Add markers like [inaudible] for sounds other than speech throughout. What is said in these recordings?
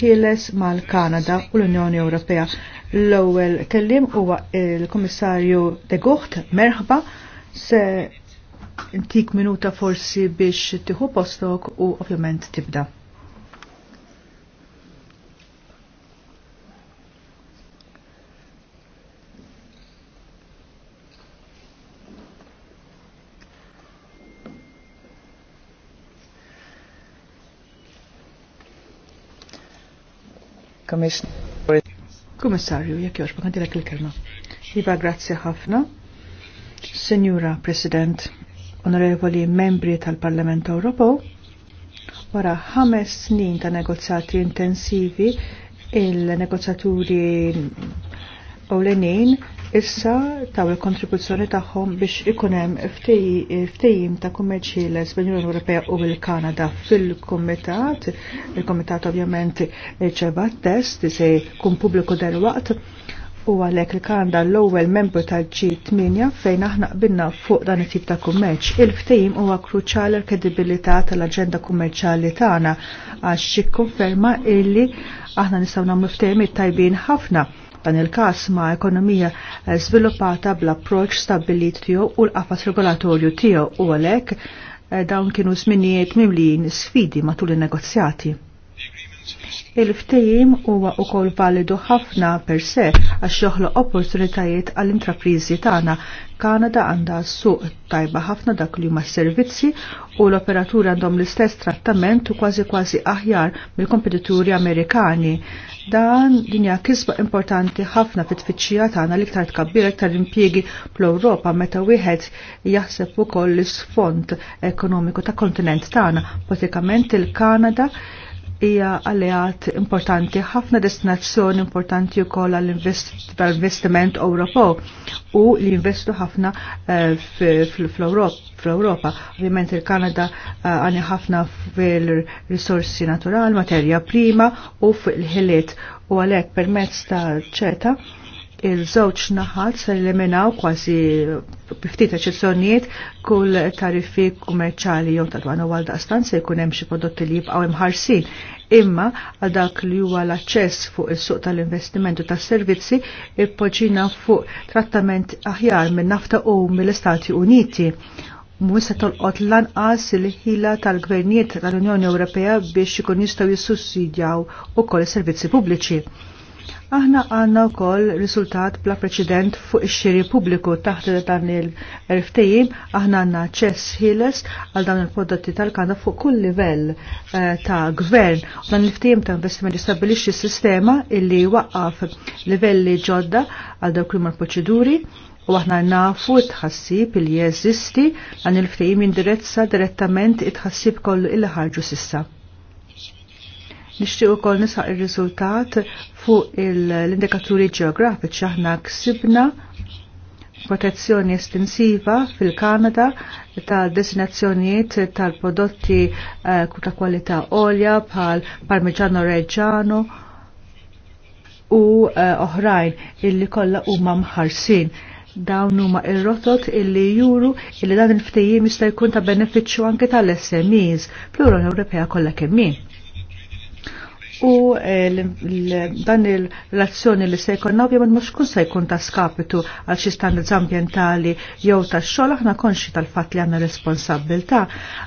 ħieles mal-Kanada u l-Unjoni Ewropea. L-ewwel kellim huwa il-Kummissarju De Gucht, merħba, se intik minuta forsi biex tieħu postok u ovvjament tibda. Commissioner. Kummissarju, jek joġba, għandilek il-kelma. Iba, grazie ħafna. Senjura President, onorevoli membri tal-Parlament Ewropew, wara ħames snin ta' negozjati intensivi il-negozjaturi Ewlenin issa taw il-kontribuzzjoni tagħhom biex ikun hemm ftehim ta' kummerċ l bejn Ewropea u l-Kanada fil-Kumitat. Il-Kumitat ovvjament ċeva test se jkun pubbliku derwaqt u għalhekk li kanda l-ewwel membru tal-G8 fejn aħna qbilna fuq dan it-tip ta' kummerċ. Il-ftehim huwa kruċjali l-kredibilità tal-aġenda kummerċjali tagħna għax konferma illi aħna nistgħu nagħmlu ftehimiet tajbin ħafna dan il-każ ma' ekonomija sviluppata bl-approċ stabilit tiegħu u l-qafas regolatorju tiegħu u għalhekk eh, dawn kienu żminijiet mimlijin sfidi matul in-negozjati. Il-ftejim huwa wkoll validu ħafna per se għax joħloq opportunitajiet għall intrapriżi tagħna. Kanada għandha suq tajba ħafna dak li huma servizzi u l-operaturi għandhom l-istess trattament u kważi kważi aħjar mill-kompetituri Amerikani. Dan dinja kisba importanti ħafna fit-tfittxija tagħna li ktar tkabbir iktar impjiegi fl-Ewropa meta wieħed jaħseb ukoll l-isfond ekonomiku ta' kontinent tagħna. potikament il-Kanada hija alleat importanti, ħafna destinazzjoni importanti wkoll għall-investiment Ewropew u li jinvestu ħafna eh, fl-Ewropa. Ovvjament il-Kanada eh, għani ħafna fil-risorsi naturali, materja prima u fil-ħiliet u għalhekk permezz ta' ċeta il-żewġ naħat se eliminaw kważi ftit eċezzjonijiet kull tariffi kummerċali jom ta' dwana għal daqstan se jkun hemm xi prodotti li jibqgħu imħarsin. Imma għal dak li huwa l-aċċess fuq is-suq tal-investimentu tas-servizzi ippoġġina fuq trattament aħjar minn nafta u mill-Istati Uniti mhux se tolqot lanqas il-ħila tal-gvernijiet tal-Unjoni Ewropea biex ikun jistgħu jissussidjaw ukoll is-servizzi pubbliċi Aħna għanna koll risultat bla preċedent fuq ix-xiri pubbliku taħt dan il-rftejim, aħna għanna ċess ħiles għal dawn il-prodotti tal-Kanada fuq kull livell eh, ta' gvern. Dan il-ftejim ta' investiment jistabilixxi sistema illi waqqaf livelli ġodda għal dawk proċeduri u aħna nafu tħassib il jeżisti għan il-ftejim jindirezza direttament it-tħassib kollu il-ħarġu sissa u ukoll nisaq ir-riżultat fuq l-indikaturi ġeografiċi aħna ksibna protezzjoni estensiva fil-Kanada ta' destinazzjonijiet tal-prodotti kuta eh, ta' kwalità olja pal parmigiano reġġano u eh, oħrajn illi kollha huma mħarsin dawn huma ir-rotot illi juru illi dan il-ftejjim jista' jkun ta' benefiċċju anke tal-SMEs fl-Unjoni Ewropea kollha kemm u eh, dan il-relazzjoni li se nabja man mhux kun se jkun ta' skapitu għal xi standards ambjentali jew tax-xogħol aħna konxi tal-fatt li għandna responsabilità,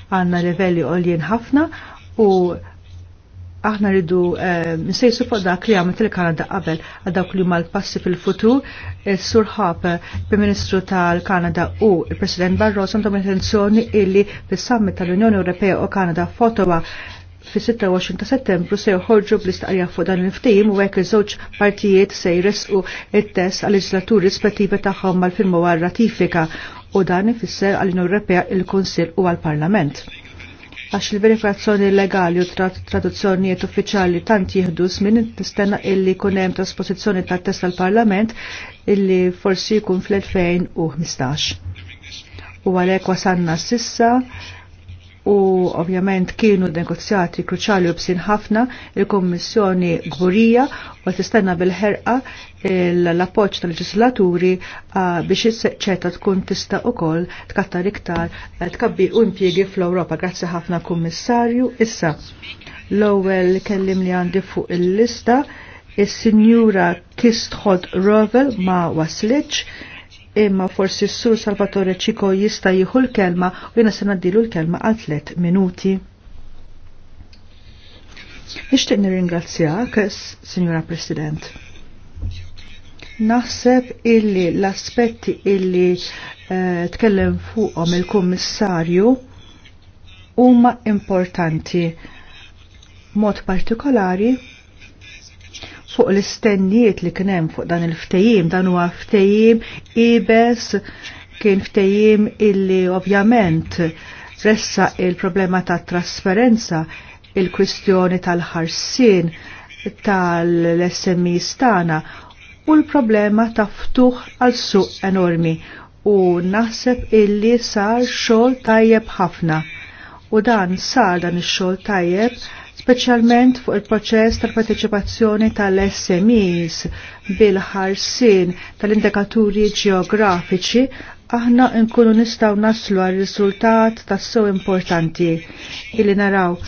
għandna livelli għoljien ħafna u aħna rridu eh, nsejsu fuq dak li għamilt il-Kanada qabel għal dawk li mal passi fil-futur, eh, Sur Harper, Prim-Ministru tal-Kanada u il-President Barroso għandhom intenzjoni illi fis-summit tal-Unjoni Ewropea u Kanada fotowa fi 26 ta' settembru se joħorġu bl-istqarja fuq dan il-ftim u hekk iż-żewġ partijiet se jresqu il test għal leġislatur rispettivi tagħhom mal firmu għal ratifika u dan ifisser għall unjoni Ewropea il-Kunsill u għall-Parlament. Għax il-verifikazzjoni legali u traduzzjonijiet uffiċjali tant jieħdu smin tistenna illi jkun hemm trasposizzjoni tat-test għal parlament illi forsi jkun fl-2015. U għalhekk wasanna sissa u ovvjament kienu negozjati kruċali u bsin ħafna il-Kommissjoni Gburija u tistenna bil-ħerqa l-appoċ tal-ġislaturi biex ċerta tkun tista' koll tkattar iktar eh, tkabbi u impjiegi fl-Ewropa. Grazzi ħafna Kummissarju. Issa l-ewwel kellim li għandi fuq il-lista is-Sinjura Kistħod Rovel ma waslitx imma forsi s-sur Salvatore Ċiko jista jieħu l-kelma u jena sena dilu l-kelma għal tliet minuti. Nixtieq nirringrazzjak, Signora President. Naħseb illi l-aspetti illi eh, tkellem fuqhom il-Kummissarju huma importanti mod partikolari fuq l-istennijiet li kienem fuq dan il-ftejim, dan huwa ftejim ibes kien ftejim illi ovvjament ressa il-problema ta' trasparenza, il-kwistjoni tal-ħarsin tal-SMI stana u l-problema ta' ftuħ għal suq enormi u naħseb illi sar xogħol tajjeb ħafna. U dan sar dan ix-xogħol tajjeb speċjalment fuq il-proċess tal-parteċipazzjoni tal-SMEs bil-ħarsin tal-indikaturi ġeografiċi aħna nkunu nistaw naslu għal riżultat so importanti illi naraw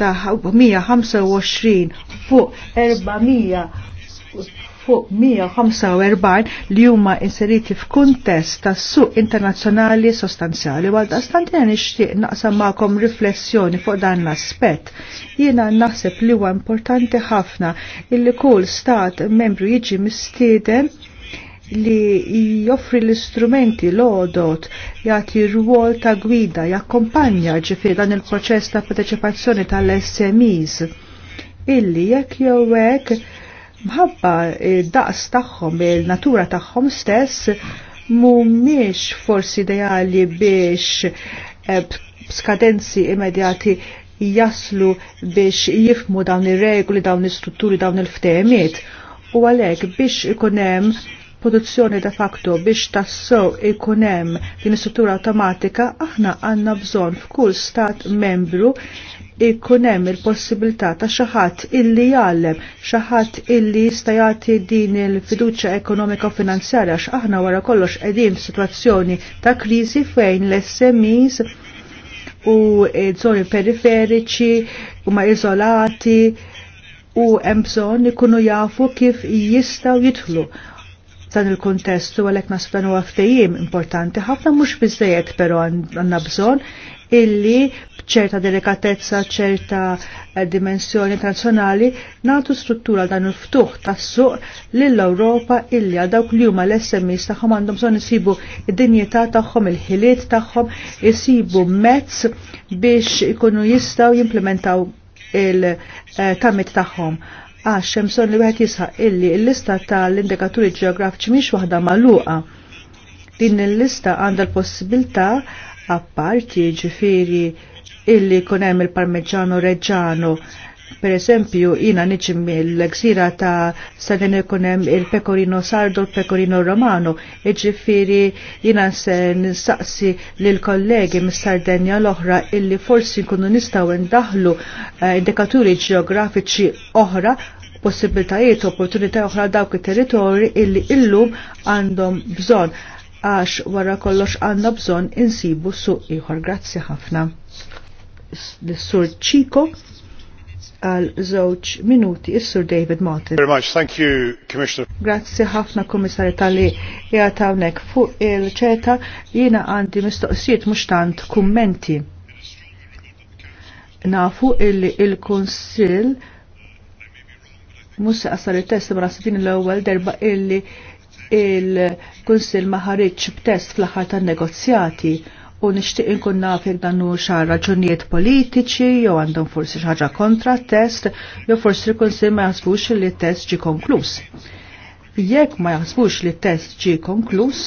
ta' 125 fuq 400 fuq 145 li huma inseriti f'kuntest tas suq internazzjonali sostanzjali għal daqstantina nixtieq naqsam ma'kom riflessjoni fuq dan l-aspett. Jiena naħseb li huwa importanti ħafna illi kull stat membru jiġi mistieden li joffri l-istrumenti l-odot jati ruol ta' gwida jakkompanja ġifir dan il-proċess ta' partecipazzjoni tal-SMEs illi jekk jew hekk mħabba eh, daqs tagħhom il-natura tagħhom stess mhumiex forsi ideali biex eh, skadenzi immedjati jaslu biex jifmu dawn ir-regoli, dawn l strutturi dawn il ftemiet U għalhekk biex ikun hemm produzzjoni de facto biex tassow ikunem din struttura automatika aħna għanna bżon f'kull stat membru ikun hemm il-possibilità ta' xi ħadd illi jgħallem, xi ħadd illi jista' jagħti din il-fiduċja ekonomika u finanzjarja x'aħna wara kollox qegħdin f'sitwazzjoni ta' kriżi fejn l-SMEs u żoni periferiċi huma iżolati u hemm ikunu jafu kif jistaw jidħlu dan il-kontestu għalek nasfdan u għaftajim importanti ħafna mux bizzejet pero għanna bżon illi ċerta delikatezza, ċerta eh, dimensjoni transjonali, natu struttura dan il-ftuħ tas-suq lill-Ewropa illi dawk li huma l-SMEs tagħhom għandhom bżonn isibu id-dinjità tagħhom, il-ħiliet tagħhom, isibu mezz biex ikunu jistgħu jimplementaw il-tamit eh, tagħhom għax hemm bżonn li wieħed jisħaq illi l-lista tal-indikaturi ġeografiċi mhix waħda magħluqa din il-lista għandha l-possibilità apparti ġifiri illi kunem il parmeġano reġano. per esempio jina niċim il gsira ta' sadin kunem il-pecorino sardo, il-pecorino romano, iġifiri jina se nistaqsi l-kollegi mis-Sardenja l-oħra illi forsi nkunu nistaw ndaħlu eh, indikaturi ġeografiċi oħra possibilitajiet, opportunità oħra dawk it-territori illi illum għandhom bżon għax wara kollox għandna bżon insibu suq ieħor. Grazzi ħafna l-Sur Ċiko għal żewġ minuti is-Sur David Martin. Very much. Thank you, Commissioner. Grazzi ħafna Kummissarju Tali, li hawnhekk fuq il-ċeta jiena għandi mistoqsijiet mhux tant kummenti. Nafu il-Kunsill mhux se qasar il-test ma rasbin l-ewwel darba illi il-Kunsill ma ħareġ b'test fl-aħħar tan-negozjati. il kunsill ma ħaritx fl btest fl aħħar tan negozjati u nixtieq inkun naf jekk dan hu xi raġunijiet politiċi jew għandhom forsi xi ħaġa kontra test jew forsi jkun ma jaħsbux li test ġi konkluż. Jekk ma jaħsbux li test ġi konkluż,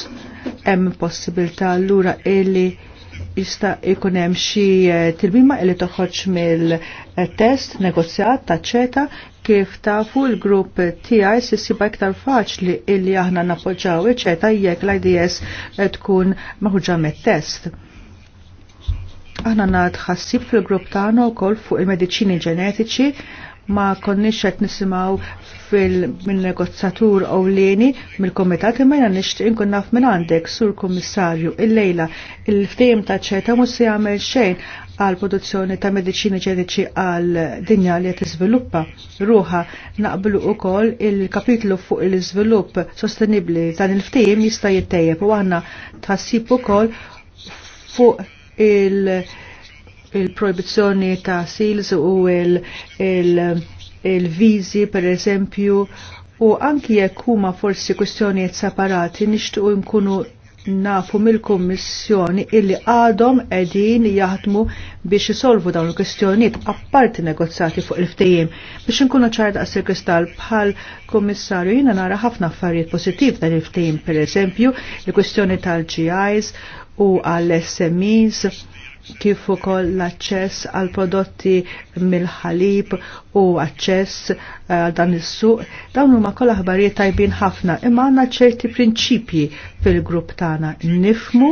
hemm possibilità allura illi jista jkun hemm xi eh, tilbima li toħroġ mill-test negozjat taċċeta kif tafu l-grupp tiegħi se siba iktar faċli illi aħna nappoġġaw iċċeta jekk l-IDS tkun maħuġa mit-test. Aħna nad ħassib fil-grupp tagħna wkoll fuq il-mediċini ġenetiċi ma konniex qed nisimgħu fil-negozzatur ewlieni mill-komitat imma jiena nixtieq inkun naf minn għandek sur kummissarju illejla il-ftehim ta' ċeta mhux se jagħmel xejn għal produzzjoni ta' mediċini ġenetiċi għal dinja li tiżviluppa. Ruħa naqblu wkoll il-kapitlu fuq il-iżvilupp sostenibbli dan il-ftehim jista' jittejjeb u aħna tħassib ukoll fuq il- il-proibizzjoni ta' seals u il-vizi il il per eżempju u anki jekk huma forsi kwistjonijiet separati nixtiequ nkunu nafu mill-Kummissjoni illi għadhom qegħdin jaħdmu biex isolvu dawn il-kwestjonijiet apparti negozjati fuq il-ftehim. Biex inkunu ċarda għasir kristall bħal Kommissarju, jiena nara ħafna affarijiet pozitiv dan il-ftehim, pereżempju il-kwestjoni tal-GIs u għall-SMEs kif ukoll l-aċċess għal prodotti mill-ħalib u aċċess għal eh, dan is-suq, dawn huma kollha ħbarijiet tajbin ħafna, imma għandna ċerti prinċipji fil-grupp tagħna nifmu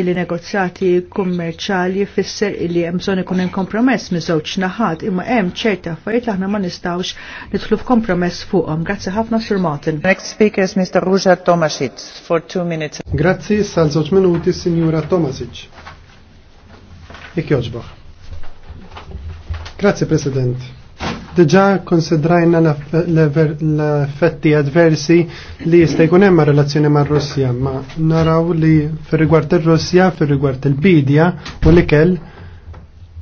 illi negozjati kummerċali fisser illi hemm bżonn ikun hemm kompromess minn żewġ naħat, imma hemm ċerti affarijiet li aħna ma nistgħux nidħlu f'kompromess fuqhom. Grazzi ħafna Sir Martin. Next speaker is Mr. Ruja Tomasic for two minutes. Grazzi sal żewġ minuti Sinjura Tomasic. Ik joġbaħ. Grazie, President. Deġa konsidrajna l-effetti adversi li jista' jkun hemm relazzjoni ma' Russja, ma naraw li fir-rigward ir-Russja, fir-rigward il-bidja u l-ikel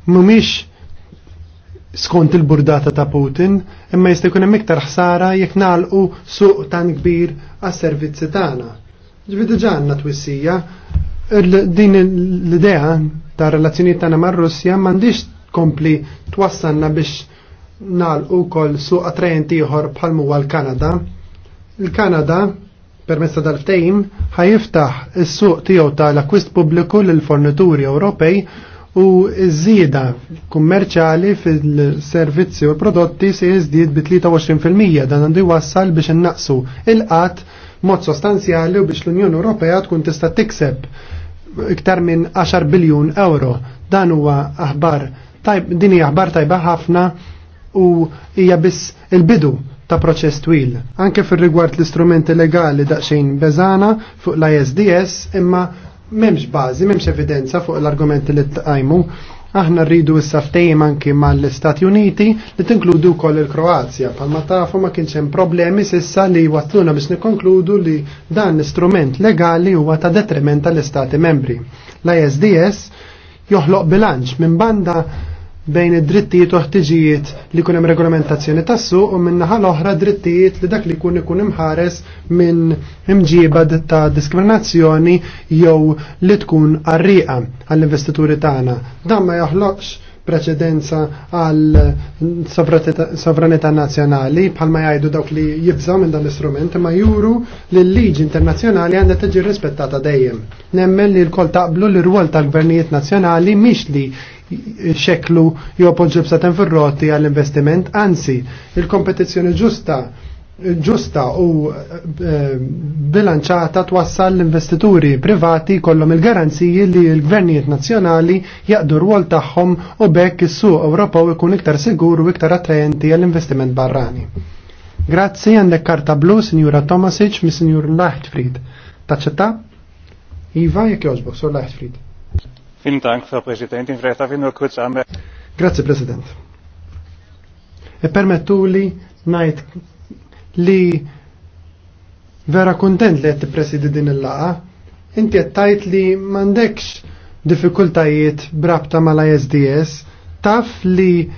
mhumiex skont il-burdata ta' Putin, imma jista' jkun hemm iktar ħsara jekk nagħlqu suq tan kbir għas-servizzi tagħna. Ġifieri diġà għandna twissija din l-idea ta' relazzjonijiet tagħna mar-Russja m'għandix tkompli twassalna biex nagħlqu ukoll suq attrajenti ieħor bħal huwa l-Kanada. Il-Kanada permessa ta' dal-ftehim ħajiftaħ is-suq tiegħu tal-akwist pubbliku lill fornituri Ewropej u iż-żieda kummerċali fil-servizzi u l-prodotti se jiżdied bi 23% dan għandu jwassal biex innaqsu il-qatt mod sostanzjali u biex l-Unjoni Ewropea tkun tista' tikseb iktar minn 10 biljun euro. Dan huwa aħbar tajb, din hija aħbar tajba ħafna u hija biss il-bidu ta' proċess twil. Anke fir-rigward l-istrumenti legali daqsxejn beżana fuq l-ISDS imma m'hemmx bażi, m'hemmx evidenza fuq l-argumenti li tqajmu Aħna rridu issa ftehim anki mal-Istati Uniti li tinkludu wkoll il-Kroazja. Palma tafu ma kienx hemm problemi sissa li watluna biex nikkonkludu li dan l-istrument legali huwa ta' detriment tal-Istati membri. L-ISDS joħloq bilanċ minn banda bejn id-drittijiet u ħtiġijiet li kunem regolamentazzjoni tassu u minna l-oħra drittijiet li dak li kun ikun imħares minn imġiba ta' diskriminazzjoni jew li tkun arriqa għall-investituri tagħna. Dan ma joħloqx preċedenza għal sovranità nazzjonali bħalma jgħidu dawk li jibżaw minn dan l-istrument ma juru li l-liġi internazzjonali għandha tiġi rispettata dejjem. Nemmen li l-kol taqblu li rwol tal-gvernijiet nazzjonali miex li xeklu jew poġġu tenfurroti fir għall-investiment, anzi, il-kompetizzjoni ġusta ġusta u eh, bilanċata twassal l-investituri privati kollom il-garanziji li l-gvernijiet nazzjonali jaqdu rwol tagħhom u bekk is-suq Ewropew ikun iktar sigur u iktar attrajenti għall-investiment barrani. Grazzi għandek karta blu, Sinjura Tomasic, mi Sinjur Lachtfried. Taċċetta? Iva, jek jożbok, Sur Lachtfried. Fin tank, fra Präsidentin. Vielleicht darf ich nur kurz President. E permettu li najt li vera kontent li qed tippresidi din il-laqa. Inti qed tajt li m'għandekx diffikultajiet brabta mal-ISDS, taf li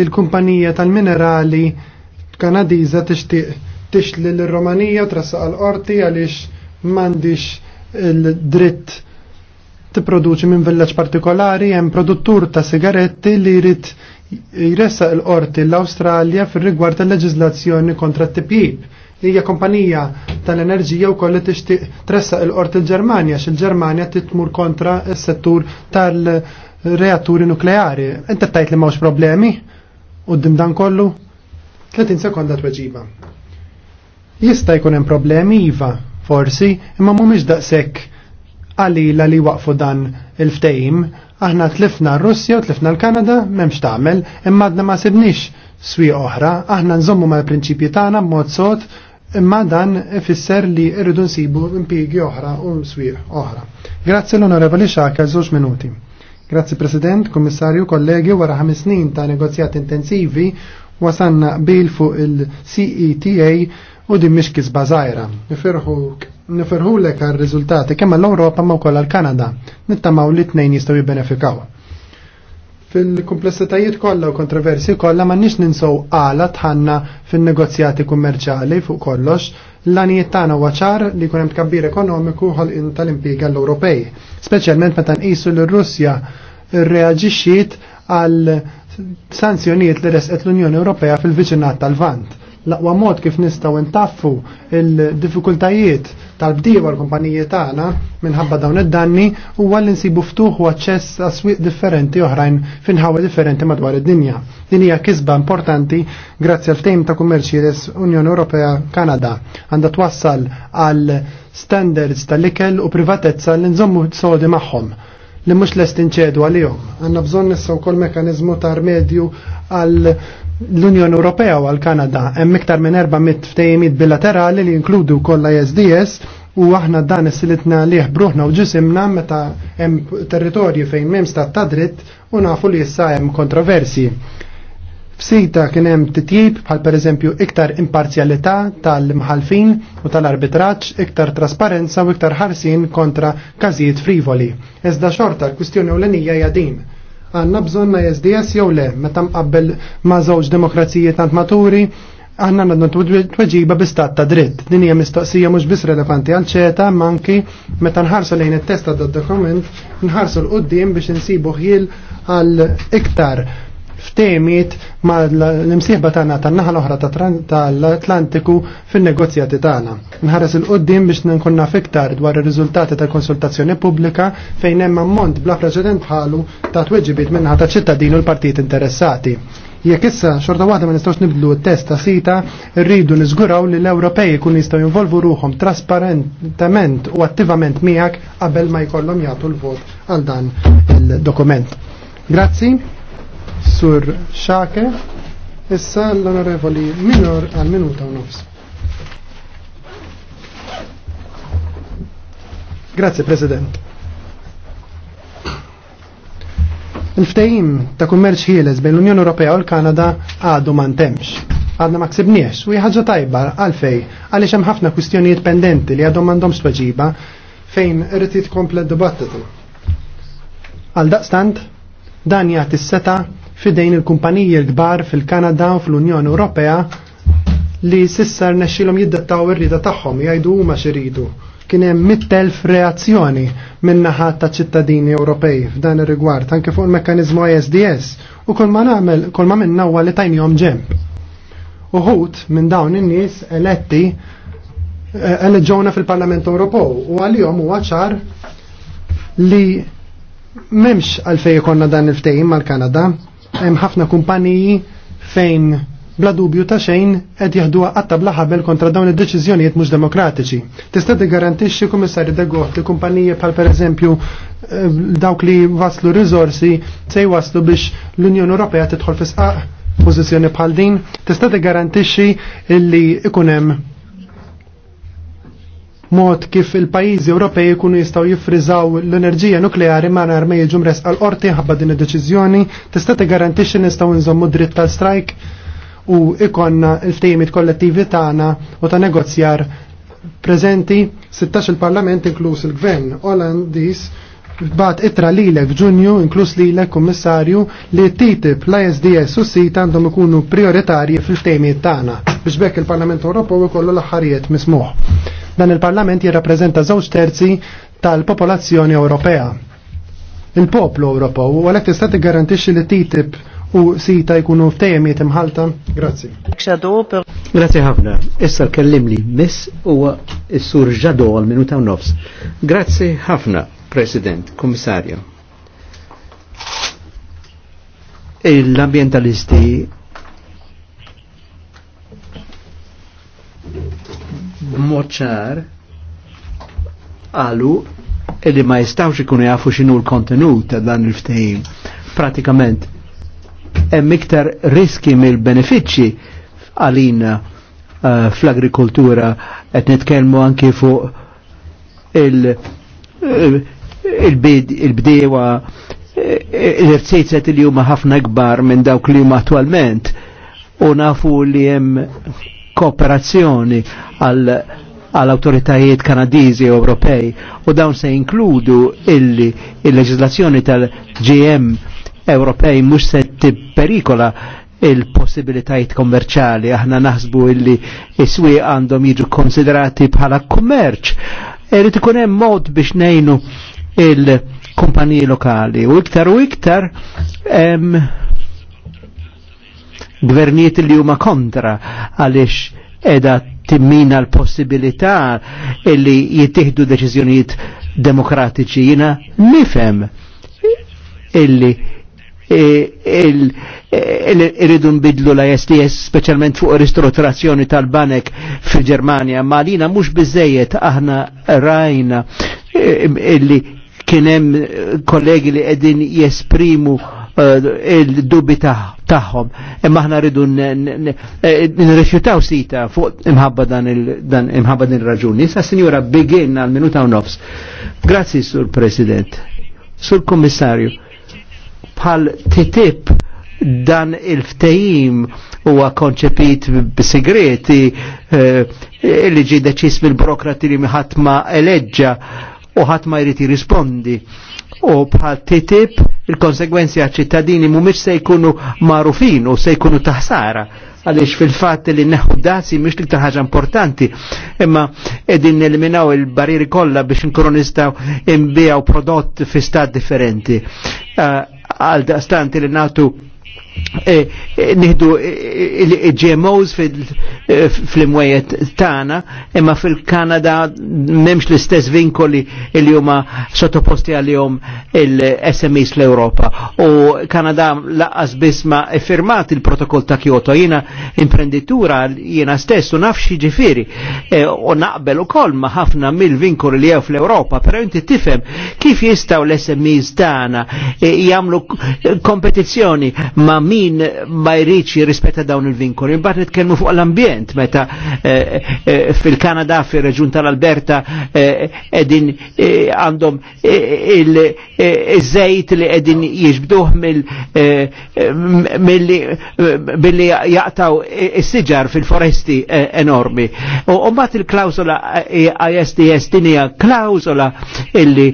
il-kumpanija tal-minerali Kanadiża tixtieq tixli l-Romanija u għal-orti qorti għaliex m'għandix il-dritt tipproduċi minn villaċ partikolari hemm produttur ta' sigaretti li jrid jressa l-qorti l-Australja fil-rigward tal-leġizlazzjoni kontra t tipjib Hija kompanija tal-enerġija u kolli tixtieq tressa l-qorti l-Ġermanja x'il-Ġermanja titmur kontra s-settur tal-reatturi nukleari. Inti tajt li mawx problemi qudiem dan kollu? 30 sekonda tweġiba. Jista' jkun hemm problemi iva, forsi, imma mhumiex daqshekk għalila li waqfu dan il-ftehim Aħna tlifna r-Russja u tlifna l-Kanada, memx tagħmel, imma għadna ma sibnix swi oħra, aħna nżommu mal-prinċipji tagħna b'mod sod, imma dan ifisser li rridu nsibu impjiegi oħra u swi oħra. Grazzi l-Onorevoli Xaka, żewġ minuti. Grazzi President, Komissarju, kollegi, wara ħames snin ta' negozjat intensivi wasanna bil fuq il-CETA u din mhix kisba żgħira. Ifirħu Niferħulek għal-rizultati kemm l-Ewropa ma wkoll għal-Kanada. Nittamaw li tnejn jistgħu jibbenefikaw. Fil-komplessitajiet kollha u kontroversi kollha ma nix ninsow għala tħanna fin-negozjati kummerċjali fuq kollox l-għanijiet tagħna huwa ċar li jkun hemm tkabbir ekonomiku ħolqien tal-impjiega l-Ewropej, speċjalment meta nqisu l russja rreaġixxiet għal sanzjonijiet li resqet l-Unjoni Ewropea fil-viċinat tal-Vant l-aqwa mod kif nistaw intaffu il-difikultajiet tal-bdiewa l-kumpaniji tagħna minħabba dawn id-danni huwa li nsibu ftuħ u aċċess swieq differenti oħrajn finħawa differenti madwar id-dinja. Din hija kisba importanti grazzi għal tejm ta' kummerċi res Unjoni Ewropea Kanada għandha twassal għal standards tal-ikel u privatezza li nżommu sodi magħhom li mhux lest inċedu għalihom. Għandna bżonn nissa wkoll kol ta' rmedju għal l-Unjoni Ewropea u għal-Kanada hemm iktar minn 400 ftehimiet bilaterali li jinkludu kollha ISDS u aħna dan is-silitna liħ bruħna u ġisimna meta hemm territorju fejn m'hemmx stat ta' dritt u nafu li issa hemm kontroversi. F'sita kien hemm titjib bħal pereżempju iktar imparzjalità tal-mħalfin u tal-arbitraġġ, iktar trasparenza u iktar ħarsin kontra każijiet frivoli. Iżda xorta l-kwistjoni ewlenija hija din Għanna bżonna SDS jew le, meta mqabbel ma' żewġ demokrazijiet tant maturi, għanna t tweġiba bistat ta' dritt. Din hija mistoqsija mhux biss relevanti għal ċeta, manki meta nħarsu lejn it-testa tad dokument nħarsu l-qudiem biex insibu ħiel għal iktar ftemiet ma l-imsieħba tagħna tan-naħa l-oħra tal-Atlantiku fin-negozjati tagħna. Nħares il-qoddim biex nkunna fiktar dwar ir-riżultati tal-konsultazzjoni pubblika fejn hemm ammont bla preċedent ħalu ta' tweġibiet minnha ta' ċittadin u l-partit interessati. Jekk issa xorta waħda ma nistgħux nibdlu t-test ta' sita, rridu niżguraw li l-Ewropej kun jistgħu jinvolvu ruhom trasparentament u attivament miegħek qabel ma jkollhom jagħtu l-vot għal dan il-dokument. Grazzi. Sur Xake, issa l-onorevoli minor għal minuta u nofs. Grazie, President. Il-ftehim ta' kummerċ ħieles bejn l-Unjoni Ewropea u l-Kanada għadu man temx. għadna ma ksibniex u jħagġa tajba għalfej għaliex hemm ħafna kwistjonijiet pendenti li għadhom m'għandhomx tweġiba fejn irid komplet dibattitu Għal daqstant dan jagħti s-seta fidejn il-kumpaniji l-kbar fil-Kanada u fl-Unjoni Ewropea li sissar nexxilhom jiddettaw ir-rida tagħhom jgħidu huma xiridu. Kien hemm mittelf reazzjoni min-naħa ta' ċittadini Ewropej f'dan ir-rigward anke fuq il-mekkaniżmu ISDS u kull ma nagħmel kull ma minna huwa li tajnihom ġemp. Uħut minn dawn in-nies eletti eh, eleġġona fil-Parlament Ewropew u għalihom huwa ċar li memx għalfej konna dan il-ftejim mal-Kanada, hemm ħafna kumpaniji fejn bla dubju ta' xejn qed jaħduha qatta bla ħabel kontra dawn id-deċiżjonijiet mhux demokratiċi. Tista' tigarantixxi kummissarju Degot li kumpaniji bħal pereżempju eh, dawk li waslu riżorsi se jwaslu biex l-Unjoni Ewropea tidħol fi sqaq pożizzjoni bħal din, tista' tigarantixxi li ikun hemm mod kif il-pajjiżi Ewropej jkunu jistgħu jiffriżaw l-enerġija nukleari ma nhar ma jiġu mres għal orti ħabba din id-deċiżjoni, tista' tigarantixxi nistgħu nżommu dritt tal-strajk u ikonna l-ftejmit kollettivi tagħna u ta' negozjar preżenti 16 il-Parlament inkluż il-Gvern Olandis bat itra lilek f'Ġunju, inkluż lilek kummissarju, li TTIP, l-ISDS u SIT għandhom ikunu prioritarji fil-temijiet tagħna biex bekk il-Parlament Ewropew ikollu l-aħħarijiet mismuħ. Dan il-Parlament jirrappreżenta żewġ terzi tal-popolazzjoni Ewropea. Il-poplu Ewropew u għalhekk tista' tiggarantixxi li TTIP u sita jkunu ftejemiet imħalta? Grazzi. Grazzi ħafna. Issa l-kellim li miss u s-sur ġadu għal-minuta u nofs. Grazzi ħafna, President, Komissarju. L-ambientalisti b'moċar għalu illi ma jistawx ikunu jafu xinu l-kontenut ta' dan il-ftehim. Pratikament, hemm iktar riski mill-benefiċċji għalina uh, fl-agrikoltura qed nitkellmu anki fuq il- eh, il-bdewa eh, l-irċejzet li huma ħafna kbar minn dawk li huma attualment u nafu li hemm kooperazzjoni għal għal autoritajiet kanadizi u Ewropej u dawn se inkludu illi il-leġislazzjoni tal-GM Ewropej mhux se perikola il-possibilitajiet kommerċali aħna naħsbu illi iswi għandhom jiġu konsiderati bħala kummerċ. Irid ikun hemm mod biex ngħinu il-kumpaniji lokali u iktar u iktar em, gvernijiet li huma kontra għaliex edha timmina l-possibilità illi jittieħdu deċiżjonijiet demokratiċi jina nifhem illi irridu bidlu la STS specialment fuq ristrutturazzjoni tal-banek fil ġermania ma lina mux bizzejiet aħna rajna eh, illi kienem kollegi li edin jesprimu Eh, il-dubi taħħom. Imma ħna rridu eh, nirrifjutaw sita fuq imħabba dan imħabba din raġuni. Sa sinjura begin għal minuta u nofs. Grazzi sur President, sur Kommissarju. Bħal titip dan il-ftejim huwa konċepit b'segreti eh, li ġi deċis mill-brokrati li ħadd ma eleġġa u ħadd ma jrid jirrispondi u bħal titib il-konsegwenzi għal ċittadini mumiex se jkunu marufin u se jkunu taħsara għalix fil-fat li neħu dazi miex li ħaġa importanti imma edin neliminaw il-barriri kolla biex nkronistaw imbijaw prodott fi stat differenti eh, għal uh, daqstanti li natu Eh, eh, nihdu eh, il-GMOs fil mwajet tana, imma fil-Kanada memx l-istess vinkoli li huma sottoposti għal-jom il-SMEs l-Europa. U Kanada laqqas bisma firmat il-protokoll ta' Kyoto, jina imprenditura jina stess u nafxi ġifiri u naqbel u kol ma ħafna mill-vinkoli li jew fl-Europa, pero inti tifem kif jistaw l-SMEs tana jamlu kompetizjoni ma' min ma jridx jirrispetta dawn il-vinkoli. Imbagħad nitkellmu fuq l-ambjent meta eh, eh, fil-Kanada fir-reġjun tal-Alberta qegħdin eh, għandhom il żejt li qegħdin jiġbduh mill-li jaqtaw is-siġar fil-foresti enormi. U mbagħad il klausola ISDS din hija illi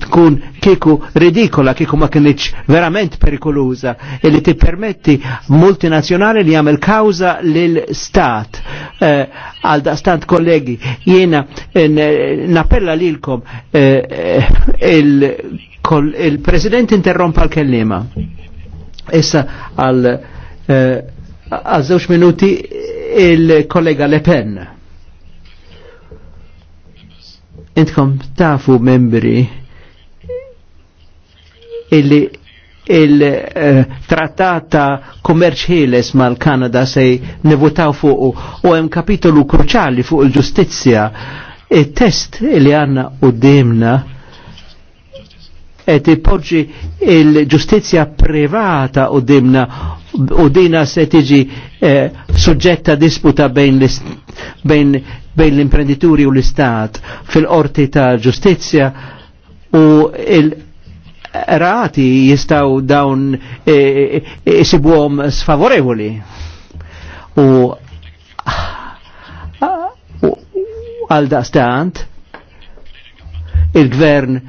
tkun kieku ridikola, kieku ma kienieċ verament perikoluza, illi ti permetti multinazjonali li għamil kawza l stat eh, Għal eh, stant kollegi, jena napella lilkom eh, il-president eh, il interrompa l-kellima. Issa għal eh, għal zewx minuti il-kollega Le Pen. Intkom tafu membri illi il-trattata eh, kummerċ ħieles mal-Kanada se nivutaw fuq u hemm kapitolu kruċali fuq il-ġustizzja. Il-test li għanna u demna et ipoġġi il-ġustizja privata u demna u dina se tiġi eh, suġġetta disputa bejn l imprendituri u l-istat fil-qorti ta' ġustizja u il- rati jistaw dawn jisibuhom e, e, sfavorevoli. U għal daqstant il-gvern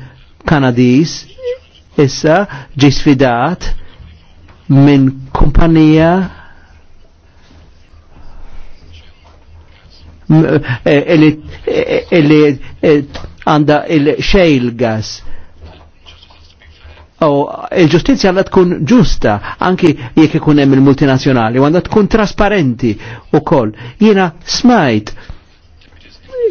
kanadis issa ġi sfidat minn kumpanija illi għanda il-xejl gas U il-ġustizja għandha tkun ġusta anki jekk ikun hemm il-multinazzjonali, għandha tkun trasparenti ukoll. Jiena smajt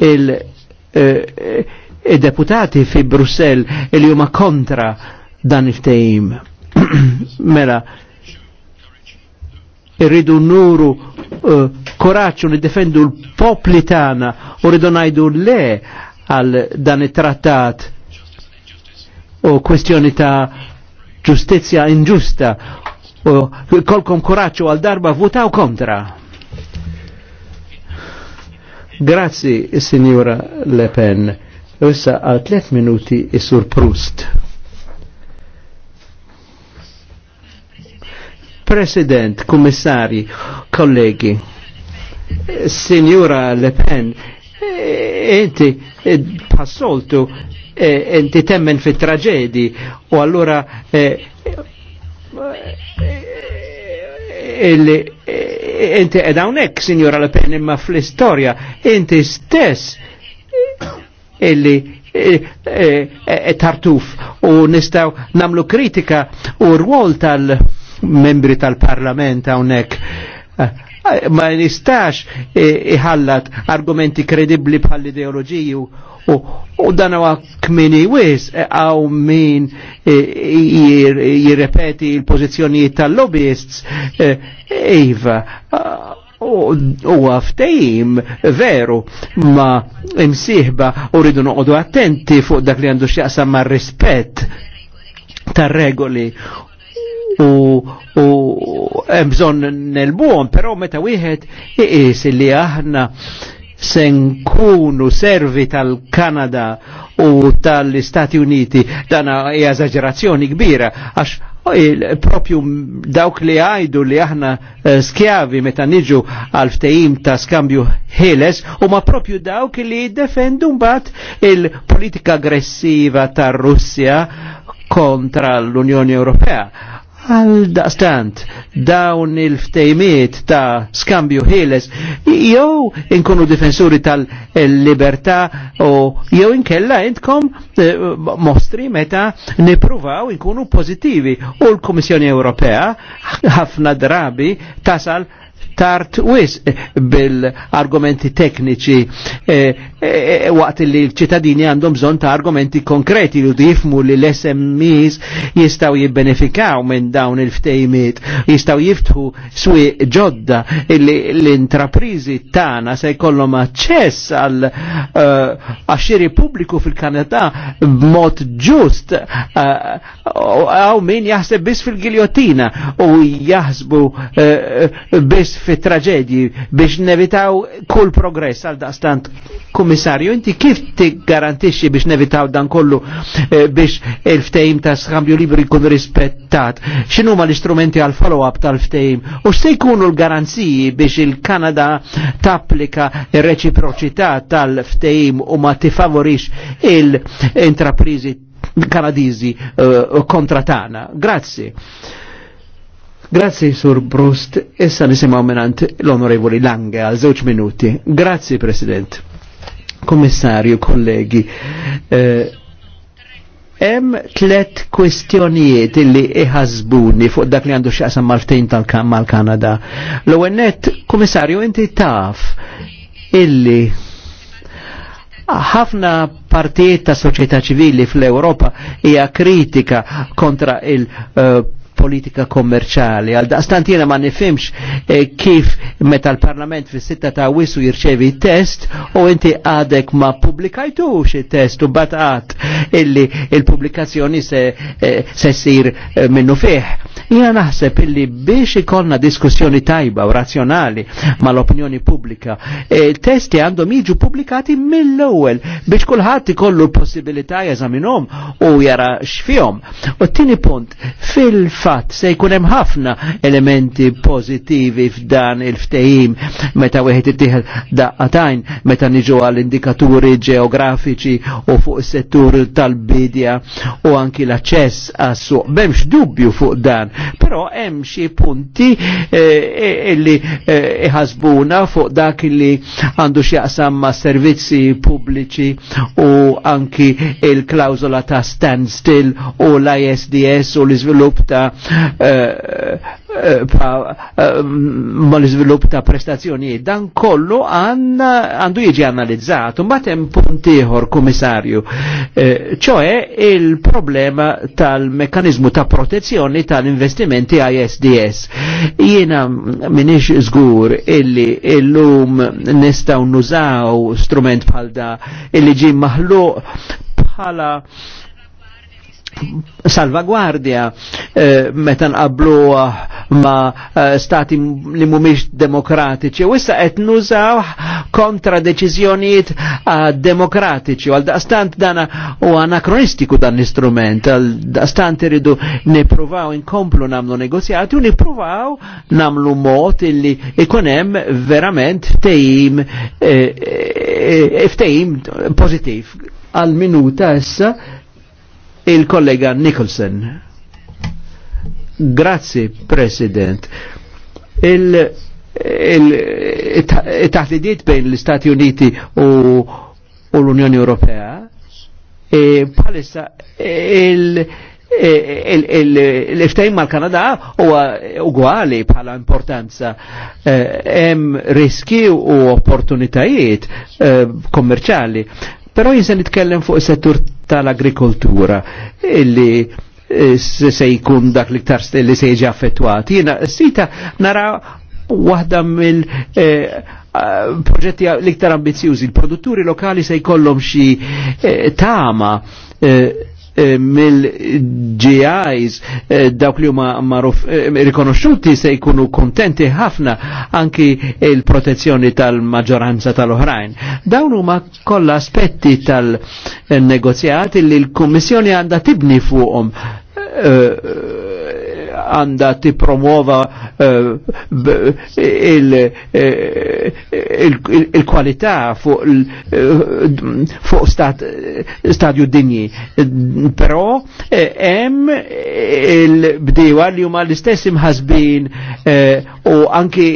il-deputati eh, eh, fi Brussell li huma kontra dan il-tejm. [clears throat] mela, irridu nuru uh, koraċu nidefendu l-popli tagħna u rridu ngħidu le għal dan it-trattat u kwestjoni ta' ġustizja inġusta u kolkom kuraċu għal darba votaw kontra. Grazzi, signora Le Pen. U issa għal tlet minuti is-sur Proust. President, kummissari, kollegi, signora Le Pen, eh, inti eh, passoltu inti eh, eh, temmen fit traġedi u allura eh, inti ed hawnhekk, Sinjora Le Pen, imma fl-istorja inti stess illi tartuf u nistaw namlu kritika u rwol tal-membri tal-parlament hawnhekk Eh, ma nistax eh, iħallat argumenti kredibli bħal ideoloġiju u dan huwa kmini wis eh, għaw min jirrepeti il-pożizzjonijiet tal-lobbyists iva u għaftajim veru ma imsiħba u rridu noqodu attenti fuq dak li għandu xjaqsam ma' rispett tar regoli u u bżonn nelbuhom, però meta wieħed iqis li aħna se nkunu servi tal-Kanada u tal-Istati Uniti dana hija kbira għax propju dawk li għajdu li aħna eh, skjavi meta niġu għal ftejim ta' skambju ħeles u ma propju dawk li defendu mbagħad il-politika aggressiva ta' russja kontra l-Unjoni Ewropea Għal daqstant, dawn il-ftejmiet ta' skambju ħieles, jew inkunu difensuri tal-libertà u jew inkella intkom eh, mostri meta nipruvaw inkunu pozittivi u l-Komissjoni Ewropea ħafna drabi tasal tart wis bil-argumenti tekniċi e, e, e, waqt li l-ċittadini għandhom bżon ta' argumenti konkreti li jifmu li l-SMEs jistaw jibbenefikaw minn dawn il-ftejmiet, jistaw jiftħu swi ġodda li l-intraprizi tana se jkollhom aċċess għal għaxiri pubbliku fil-Kanada b'mod ġust għaw min jaħseb biss fil-giljotina u jaħsbu biss fit traġedji biex nevitaw kull progress għal daqstant kummissarju. Inti kif ti garantixi biex nevitaw dan kollu eh, biex il ftehim ta' skambju libri kun rispettat? X'inhu ma l-istrumenti għal follow-up tal ftehim U x'se jkunu l-garanziji biex il-Kanada tapplika ir-reċiproċità il kanada tapplika ir reċiproċità tal ftehim u ma tifavorix il-intraprizi kanadizi uh, eh, kontratana. Grazzi. Grazie, Sur Brust. Essa nisimaw minant l-Onorevoli Lange al żewġ minuti. Grazie, President. Commissario, colleghi. Eh, hemm eh, tlet kwestjonijiet illi iħasbuni fuq dak li għandu x'aqsam mal-ftejn tal-Kanada. L-ewwel nett, Kummissarju, inti taf illi ħafna partijiet ta' soċjetà ċivili fl-Europa hija kritika kontra il eh, politika kommerċali. Għal daqstant jena ma nifimx eh, kif meta l-Parlament fis sitta ta' wisu jirċevi test u inti għadek ma publikajtu il-test u batat illi il-publikazzjoni se, eh, se sir eh, minnu fiħ. Jena naħseb illi biex ikonna diskussjoni tajba u razzjonali ma l-opinjoni pubblika, testi għandhom jiġu publikati mill-ewwel biex kulħadd ikollu possibilitaj possibilità jeżaminom u jara x'fihom. U t-tieni punt, fil fa impatt. Se jkun hemm ħafna elementi pożittivi f'dan il-ftehim meta wieħed ittieħed daqatajn meta niġu għal indikaturi ġeografiċi u fuq is-settur tal-bidja u anki l-aċċess għas-suq. B'hemmx dubju fuq dan, però hemm xi punti eh, eh, illi eh, iħasbuna fuq dak li għandu x'jaqsam ma' servizzi pubbliċi u anki il klawzola ta' standstill u l-ISDS u l-iżvilupp ta' Eh, eh, eh, ma l-izvilup ta' prestazzjonijiet. Dan kollu għandu jiġi analizzat. batem puntiħor, komissarju, ċoħe il-problema tal-mekanizmu ta' protezzjoni tal-investimenti ISDS. Jiena minix zgur illi illum nistaw nużaw strument bħal da illi ġi maħluq bħala salvaguardja metan eh, meta ma eh, stati li mhumiex demokratiċi u issa qed nużaw kontra deċiżjonijiet eh, demokratiċi għal daqstant dana u anakronistiku dan l-istrument għal daqstant iridu nippruvaw inkomplu namlu negozjati u nippruvaw namlu mod illi ikun hemm verament ftejim ftejim ftehim għal minuta essa il-kollega Nicholson. Grazzi, President. Il- il-taħdidiet bejn l-Istati Uniti u, l-Unjoni Ewropea e, palissa e, il-iftajn e, mal-Kanada u ugwali pala importanza e, hemm riski u opportunitajiet kommerċali Pero jinsa nitkellem fuq is-settur tal-agrikoltura illi eh, se jkun dak li ktar li se jiġi affettwat. Jiena sita nara waħda mill eh, proġetti liktar ambizjużi. Il-produtturi lokali se jkollhom xi eh, tama Eh, mill-GIs eh, dawk li huma maruf eh, rikonoxxuti se jkunu kontenti ħafna anki il-protezzjoni tal-maġġoranza tal-oħrajn. Dawn huma kollha aspetti tal-negozjati li l-Kummissjoni għandha tibni fuqhom għanda tipromuova eh, il-kwalità eh, fuq eh, stadju dinji. Però hemm il bdiwa li huma l-istess imħasbin u anki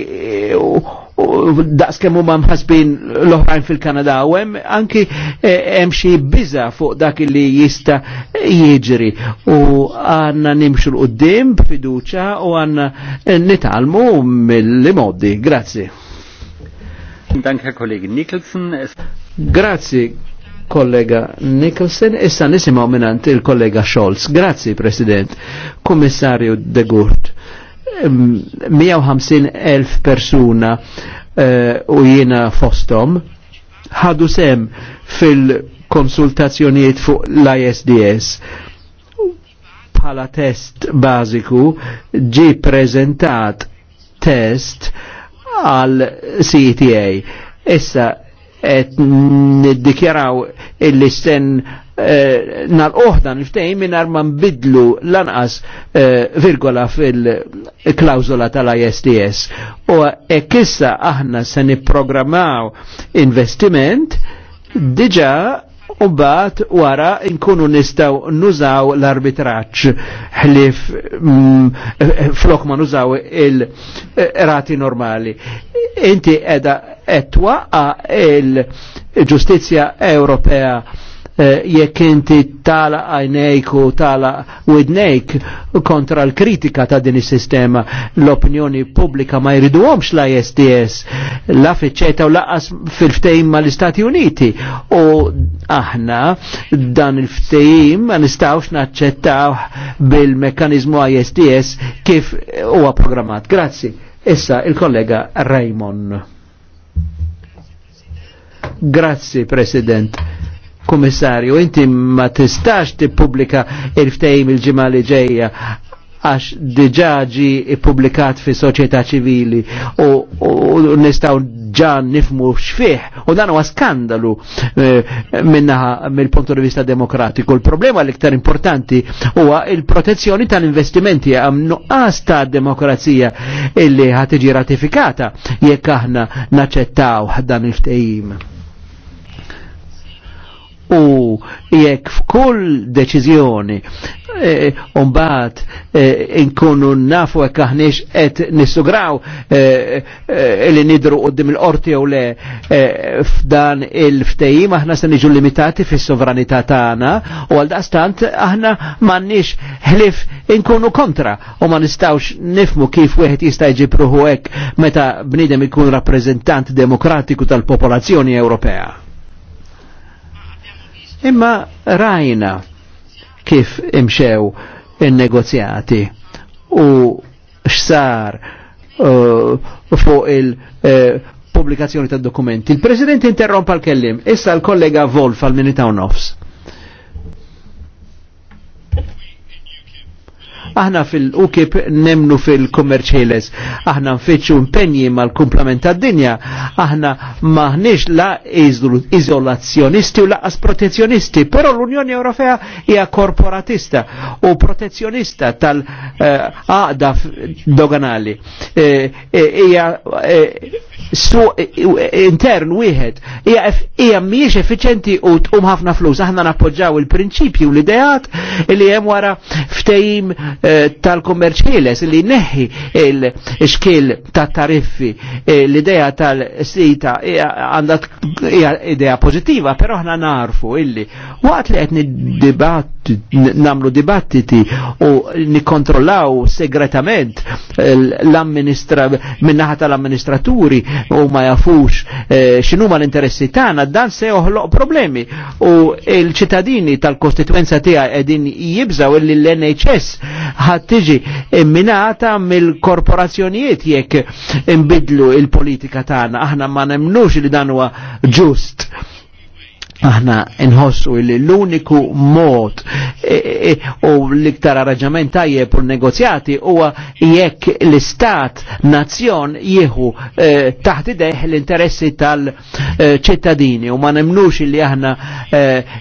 daqs kemm huma mħasbin l-oħrajn fil-Kanada u hemm anki eh, hemm xi biża fuq dak li jista jiġri u għandna nimxu l qudiem b'fiduċa u għandna eh, nitalmu mill-modi. Grazzi. Danke kollegi Nicholson. Grazzi kollega Nicholson, issa nisimaw minant il-kollega Scholz. Grazzi, President, Kommissarju De Gurt 150.000 persuna eh, u uh, jiena fostom ħadu sem fil-konsultazzjonijiet fuq l-ISDS bħala test bażiku ġi prezentat test għal CTA. E Issa qed niddikjaraw illi sen Eh, nar oħdan ftejn minar ma bidlu lanqas eh, virgola fil-klawzola tal-ISDS. U ekissa aħna se nipprogrammaw investiment diġa u bat wara nkunu nistaw nużaw l-arbitraċ ħlif mm, flok ma nużaw il-rati normali. Inti edha etwa il-ġustizja Ewropea Eh, jekk inti tala għajnejk u tala widnejk kontra l-kritika ta' din is-sistema l-opinjoni pubblika ma jriduhomx la ISDS la fiċċeta u laqas fil-ftehim mal-Istati Uniti u aħna dan il-ftehim ma nistgħux naċċettaw bil-mekkaniżmu ISDS kif huwa programmat. Grazzi. Issa il-kollega Raymond. Grazzi, President Komissarju, inti ma tistax tippubblika il-ftejm il-ġimgħa li ġejja għax diġaġi publikat fi soċjetà ċivili u, u nistaw ġan nifmu xfih u dan huwa skandalu eh, minnaħa mill-punt di vista demokratiku. Il-problema l-iktar importanti huwa il-protezzjoni tal-investimenti għam nuqqas ta' demokrazija illi ħatiġi ratifikata jekk aħna naċċettaw dan il-ftehim u jekk f'kull deċiżjoni e, umbat e, inkunu nafu jekk aħniex qed nissugraw e, e, li nidru qudiem il-qorti jew le f'dan il-ftehim aħna se niġu limitati fis-sovranità tagħna u għal daqstant aħna m'għandniex ħlif inkunu kontra u ma nistgħux nifmu kif wieħed jista' jġibruħu hekk meta bniedem ikun rappreżentant demokratiku tal-popolazzjoni Ewropea. Imma rajna kif imxew il-negozjati u xsar u uh, fuq il-pubblikazzjoni uh, ta' dokumenti. Il-President interrompa l-kellim, issa l-kollega Wolf għal-minita nofs. Aħna fil-UKIP nemnu fil-kummerċ aħna nfittxu impenji mal-kumplament tad-dinja, aħna maħniex la izolazzjonisti u laqas protezzjonisti, però l-Unjoni Ewropea hija korporatista u protezzjonista tal-għaqda doganali. E, e, Ija e, su intern wieħed hija mhijiex effiċenti u tqum ħafna flus. Aħna nappoġġaw il prinċipju l-ideat li hemm wara ftehim Eh, tal-kummerċ li neħi il-xkil ta' tariffi eh, l-idea tal-sita għandha idea pozitiva, però ħna narfu illi waqt li qed namlu dibattiti u nikkontrollaw segretament eh, l-amministra minnaħa tal-amministraturi u ma jafux x'inhuma l-interessi tagħna dan se joħloq problemi u l-ċittadini tal-kostituenza tija qegħdin jibżaw illi l-NHS ħad tiġi imminata mill-korporazzjonijiet jekk imbidlu il-politika tagħna. Aħna ma nemnux li dan huwa ġust aħna nħossu li l-uniku mod e, e, e, u l-iktar arraġament tajjeb u negozjati huwa jekk l-istat nazzjon jieħu taħt ideħ l-interessi tal-ċittadini u ma nemnux li aħna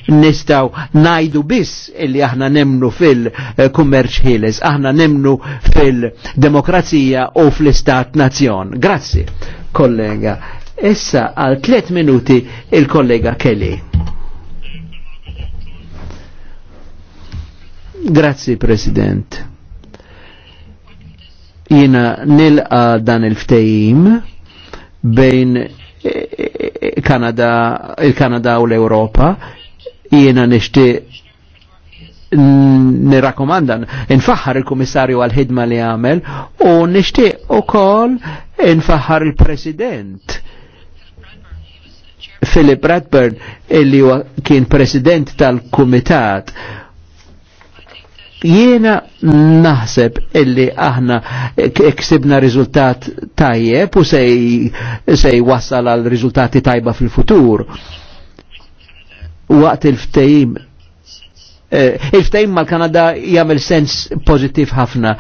nistaw najdu biss li aħna nemnu fil-kummerċ ħiles, aħna nemnu fil-demokrazija u fl-istat nazzjon. Grazzi, kollega. Issa għal 3 minuti il-kollega Kelly. Grazzi, President. Jina nilqa dan il-ftejim bejn e, e, e, Kanada, il-Kanada u l-Europa, jina nishti nirakomandan infaħħar il-Komissarju għal-ħidma li għamel u nishti u kol infaħħar il-President Philip Bradburn, illi kien President tal-Kumitat Jiena naħseb illi aħna ksibna riżultat tajjeb u sej wassal għal rizultati tajba fil-futur. Waqt il-ftejim eh, il-ftejim mal-Kanada jagħmel sens pożittiv ħafna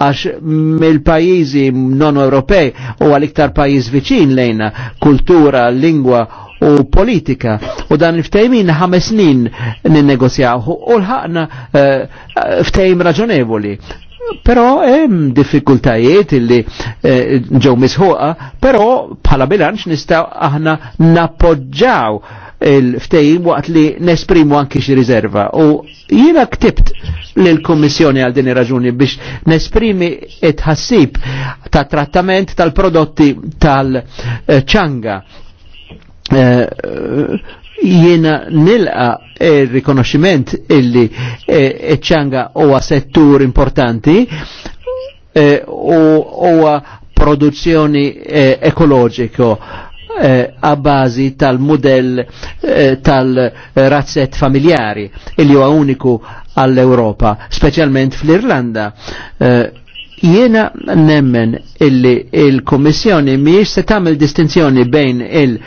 għax mill-pajizi non-Ewropej u għal-iktar pajiz viċin lejna, kultura, lingwa u politika u dan il-ftejmin ħames snin ninnegozjaw u l-ħakna eh, eh, ftejm raġonevoli. Però hemm diffikultajiet illi eh, ġew misħuqa, però bħala bilanċ nistgħu aħna nappoġġaw il-ftejim waqt li nesprimu anki xi riserva. U jiena ktibt lill-Kummissjoni għal din ir-raġuni biex nesprimi it-ħassib ta' trattament tal-prodotti tal-ċanga Eh, jiena nilqa il-rikonoximent illi eh, ċanga huwa settur importanti eh, u huwa produzzjoni ekoloġiko a bazi tal-modell tal razzet familjari illi huwa uniku għall-Europa, specialment fl-Irlanda. Eh, Jiena nemmen illi il-Kommissjoni miex se tagħmel distinzjoni bejn il-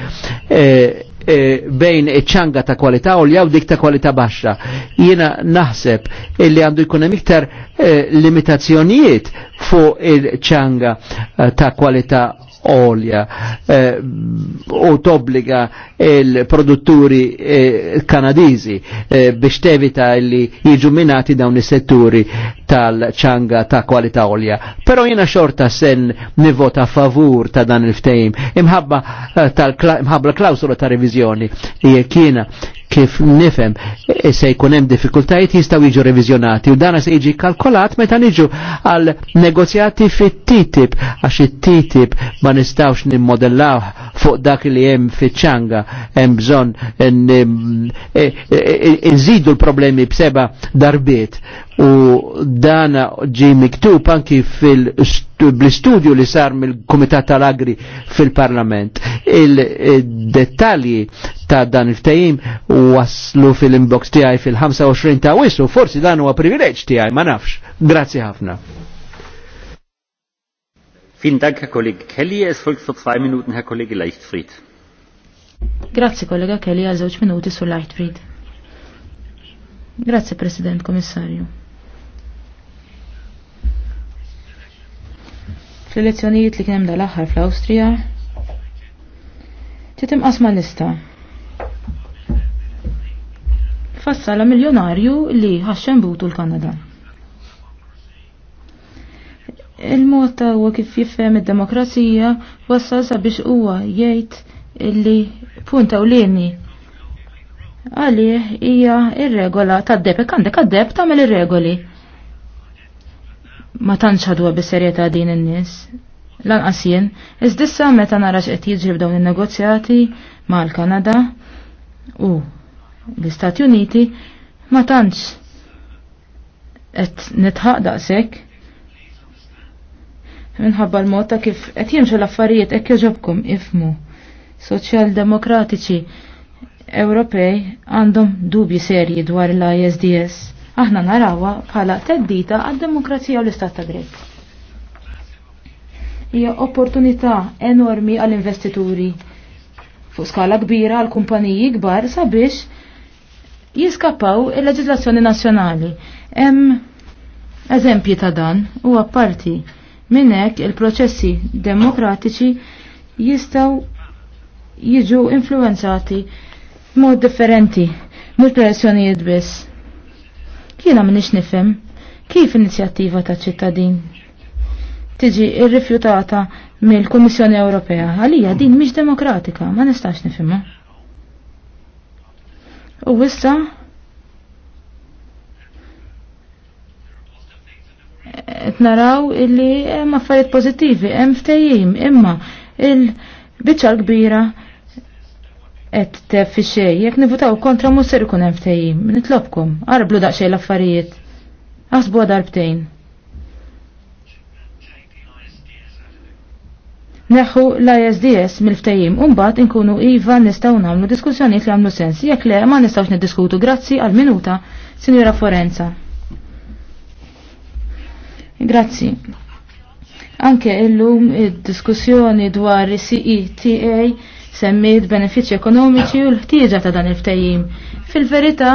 eh, eh, bejn iċ-ċanga ta' kwalità u l-jaw dik ta' kwalità baxxa. Jiena naħseb illi għandu jkun hemm iktar eh, limitazzjonijiet fuq il-ċanga ta' kwalità olja eh, u tobbliga il-produtturi eh, kanadizi eh, biex tevita li jiġu minati dawn is-setturi tal-ċanga ta' kwalità olja. Però jina xorta sen nivota favur ta' dan il ftejm imħabba eh, tal-klausula ta' revizjoni jekk kif nifem e se jkun hemm diffikultajiet jistgħu jiġu reviżjonati u dan se jiġi kalkolat meta niġu għal negozjati fit-TTIP għax it-TTIP ma nistgħux nimmodellaw fuq dak li hemm fiċ-ċanga hemm bżonn inżidu e- e- l-problemi b'seba' darbiet u dana ġi miktub anki fil studio li sar mill-Komitat tal-Agri fil-Parlament. il detalji ta' dan il-ftajim waslu fil-inbox tijaj fil-25 ta' wisu, forsi dan huwa privileġġ tijaj, ma nafx. Grazie ħafna. Vielen Dank, Herr Kollege Kelly. Es folgt für zwei Minuten Herr Kollege Leichtfried. Grazie, Kollege Kelly, Also, ich bin su Lightfried. Grazie, Präsident, Kommissario. fl-elezzjonijiet li kienem dal-aħħar fl-Awstrija titim qasma lista. Fassala miljonarju li ħaxxen butu l-Kanada. Il-mod ta' huwa kif jifhem id-demokrazija wassal sabiex huwa jgħid li punta u lini għalih hija ir-regola tad-deb, għandek għad-deb tagħmel ir-regoli ma tantx ħadwa bis-serjetà din in-nies. Lanqas jien, iżdissa meta nara x'qed jiġri b'dawn in-negozjati mal-Kanada u l-Istati Uniti ma tantx qed nitħaq daqshekk minħabba l-mod ta' kif qed jimxu l-affarijiet hekk jogħġobkom ifmu. Soċjaldemokratiċi demokratiċi Ewropej għandhom dubji serji dwar l-ISDS aħna narawha bħala teddita għad-demokrazija u l-istat ta' dritt. Hija opportunità enormi għall-investituri fuq skala kbira għal kumpaniji kbar sabiex jiskapaw il-leġislazzjoni nazzjonali. Hemm eżempji ta' dan u apparti minn hekk il-proċessi demokratiċi jistgħu jiġu influenzati mod differenti mill pressjonijiet biss. Jiena m'nix nifhem kif inizjattiva ta' ċittadin tiġi irrifjutata mill-Kummissjoni Ewropea għalija din mhix demokratika, ma nistax nifhimha. U issa qed naraw illi hemm affarijiet pożittivi, hemm ftehim, imma il-biċċa l-kbira et tef fi xejn, jekk nivutaw kontra mhux ser ikun hemm ftejim. Nitlobkom, arblu daqsxejn l-affarijiet. Asbu darbtejn. Neħu l-ISDS mill-ftejim, umbat inkunu iva nistaw namlu diskussjoniet li għamlu sens, jekk le ma nistawx niddiskutu grazzi għal minuta, Sinjora Forenza. Grazzi. Anke illum id-diskussjoni dwar CETA semmiet benefiċċji ekonomiċi u l-ħtieġa ta' dan il ftajim Fil-verità,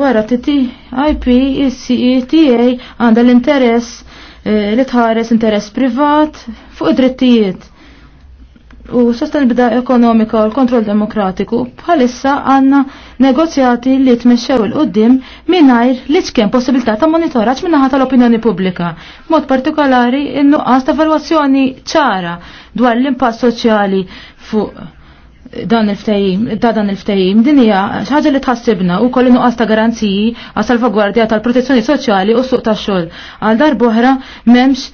wara TTIP, il-CETA għandha l-interess eh, li tħares interess privat fuq id-drittijiet u sostenibilità ekonomika u l-kontroll demokratiku bħalissa għanna negozjati li tmexxew il qoddim mingħajr li tkien possibilità ta' monitoraġġ minnaħa tal-opinjoni pubblika. Mod partikolari in-nuqqas ta' valwazzjoni ċara dwar l-impatt soċjali fuq dan il-ftehim, ta' dan il-ftehim, din hija xaġa li tħassibna u kollu nuqqas ta' garanziji għas salvagwardja tal-protezzjoni soċjali u suq tax-xogħol. Għal darbohra m'hemmx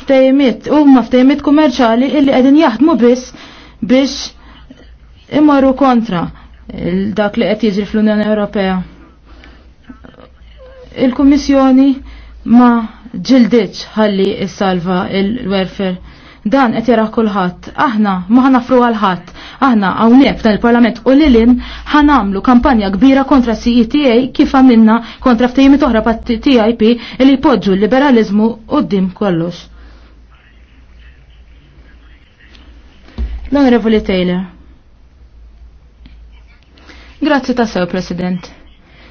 ftejmit, huma ftejmit kummerċali illi qegħdin jaħdmu biss biex imorru kontra dak li qed jiġri fl-Unjoni Ewropea. Il-Kummissjoni ma ġildiċ ħalli is-salva il-welfare Dan qed jara kulħadd. Aħna ma ħanafru għal ħadd. Aħna hawnhekk tal il-Parlament u lilin ħanamlu kampanja kbira kontra CETA kif għamilna kontra ftehimiet oħra TIP li jpoġġu l-liberaliżmu qudiem kollox. L-Onorevoli Taylor. Grazzi ta' sew, President.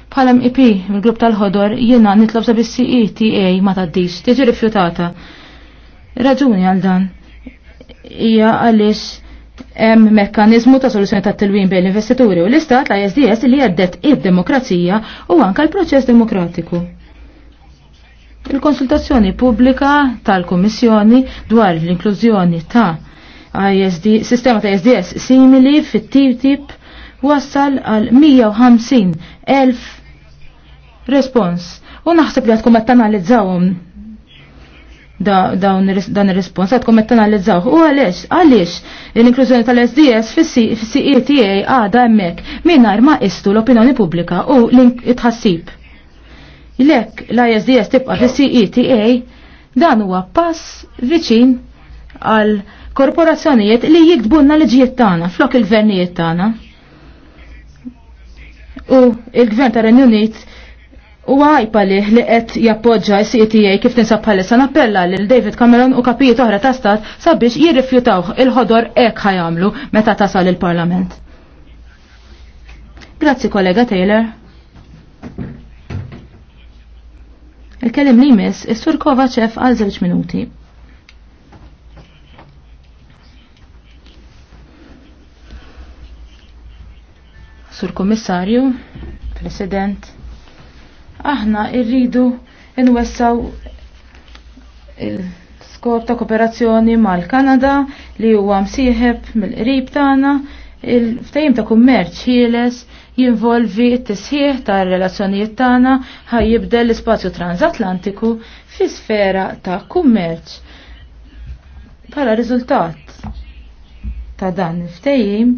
Bħala MEP, mill-grupp tal-ħodor, jiena nitlob sabis CETA ma taddix, tiġi rifjutata. Raġuni għal dan hija għaliex hemm mekkaniżmu ta' soluzzjoni ta' tilwin bejn l-investituri u l-Istat la SDS li għaddet id-demokrazija u anka l-proċess demokratiku. Il-konsultazzjoni pubblika tal-Kummissjoni dwar l-inklużjoni ta' ISD, sistema ta' SDS simili fit-TTIP wassal għal 150 elf respons u naħseb li għatkom għattanalizzawum dan ir respons għad kommet tanalizzaw. U għalix, għalix, l-inklużjoni tal-SDS fis ceta għada hemmhekk mingħajr ma istu l-opinjoni pubblika u l-tħassib. Lek l-ISDS tibqa fis ceta dan huwa pass viċin għal korporazzjonijiet li jikdbunna liġijiet tagħna flok il-gvernijiet tagħna. U il-gvern tar-Renju Unit U għajpa li li qed jappoġġa s-CTA kif tinsab bħalissa nappella lil David Cameron u kapijiet oħra ta' stat sabiex jirrifjutaw il-ħodor ek ħajamlu meta tasal il-Parlament. Grazzi kollega Taylor. Il-kelim li jmiss is-Sur Kovacev għal żewġ minuti. Sur Kommissarju, President, aħna irridu inwessaw il-skop ta' kooperazzjoni mal-Kanada li huwa msieħeb mill-qrib tagħna il-ftajim ta' kummerċ ħieles jinvolvi t-tisħieħ ta' relazzjonijiet tagħna jibdel l-ispazju transatlantiku fi sfera ta' kummerċ. Pala riżultat ta' dan il-ftajim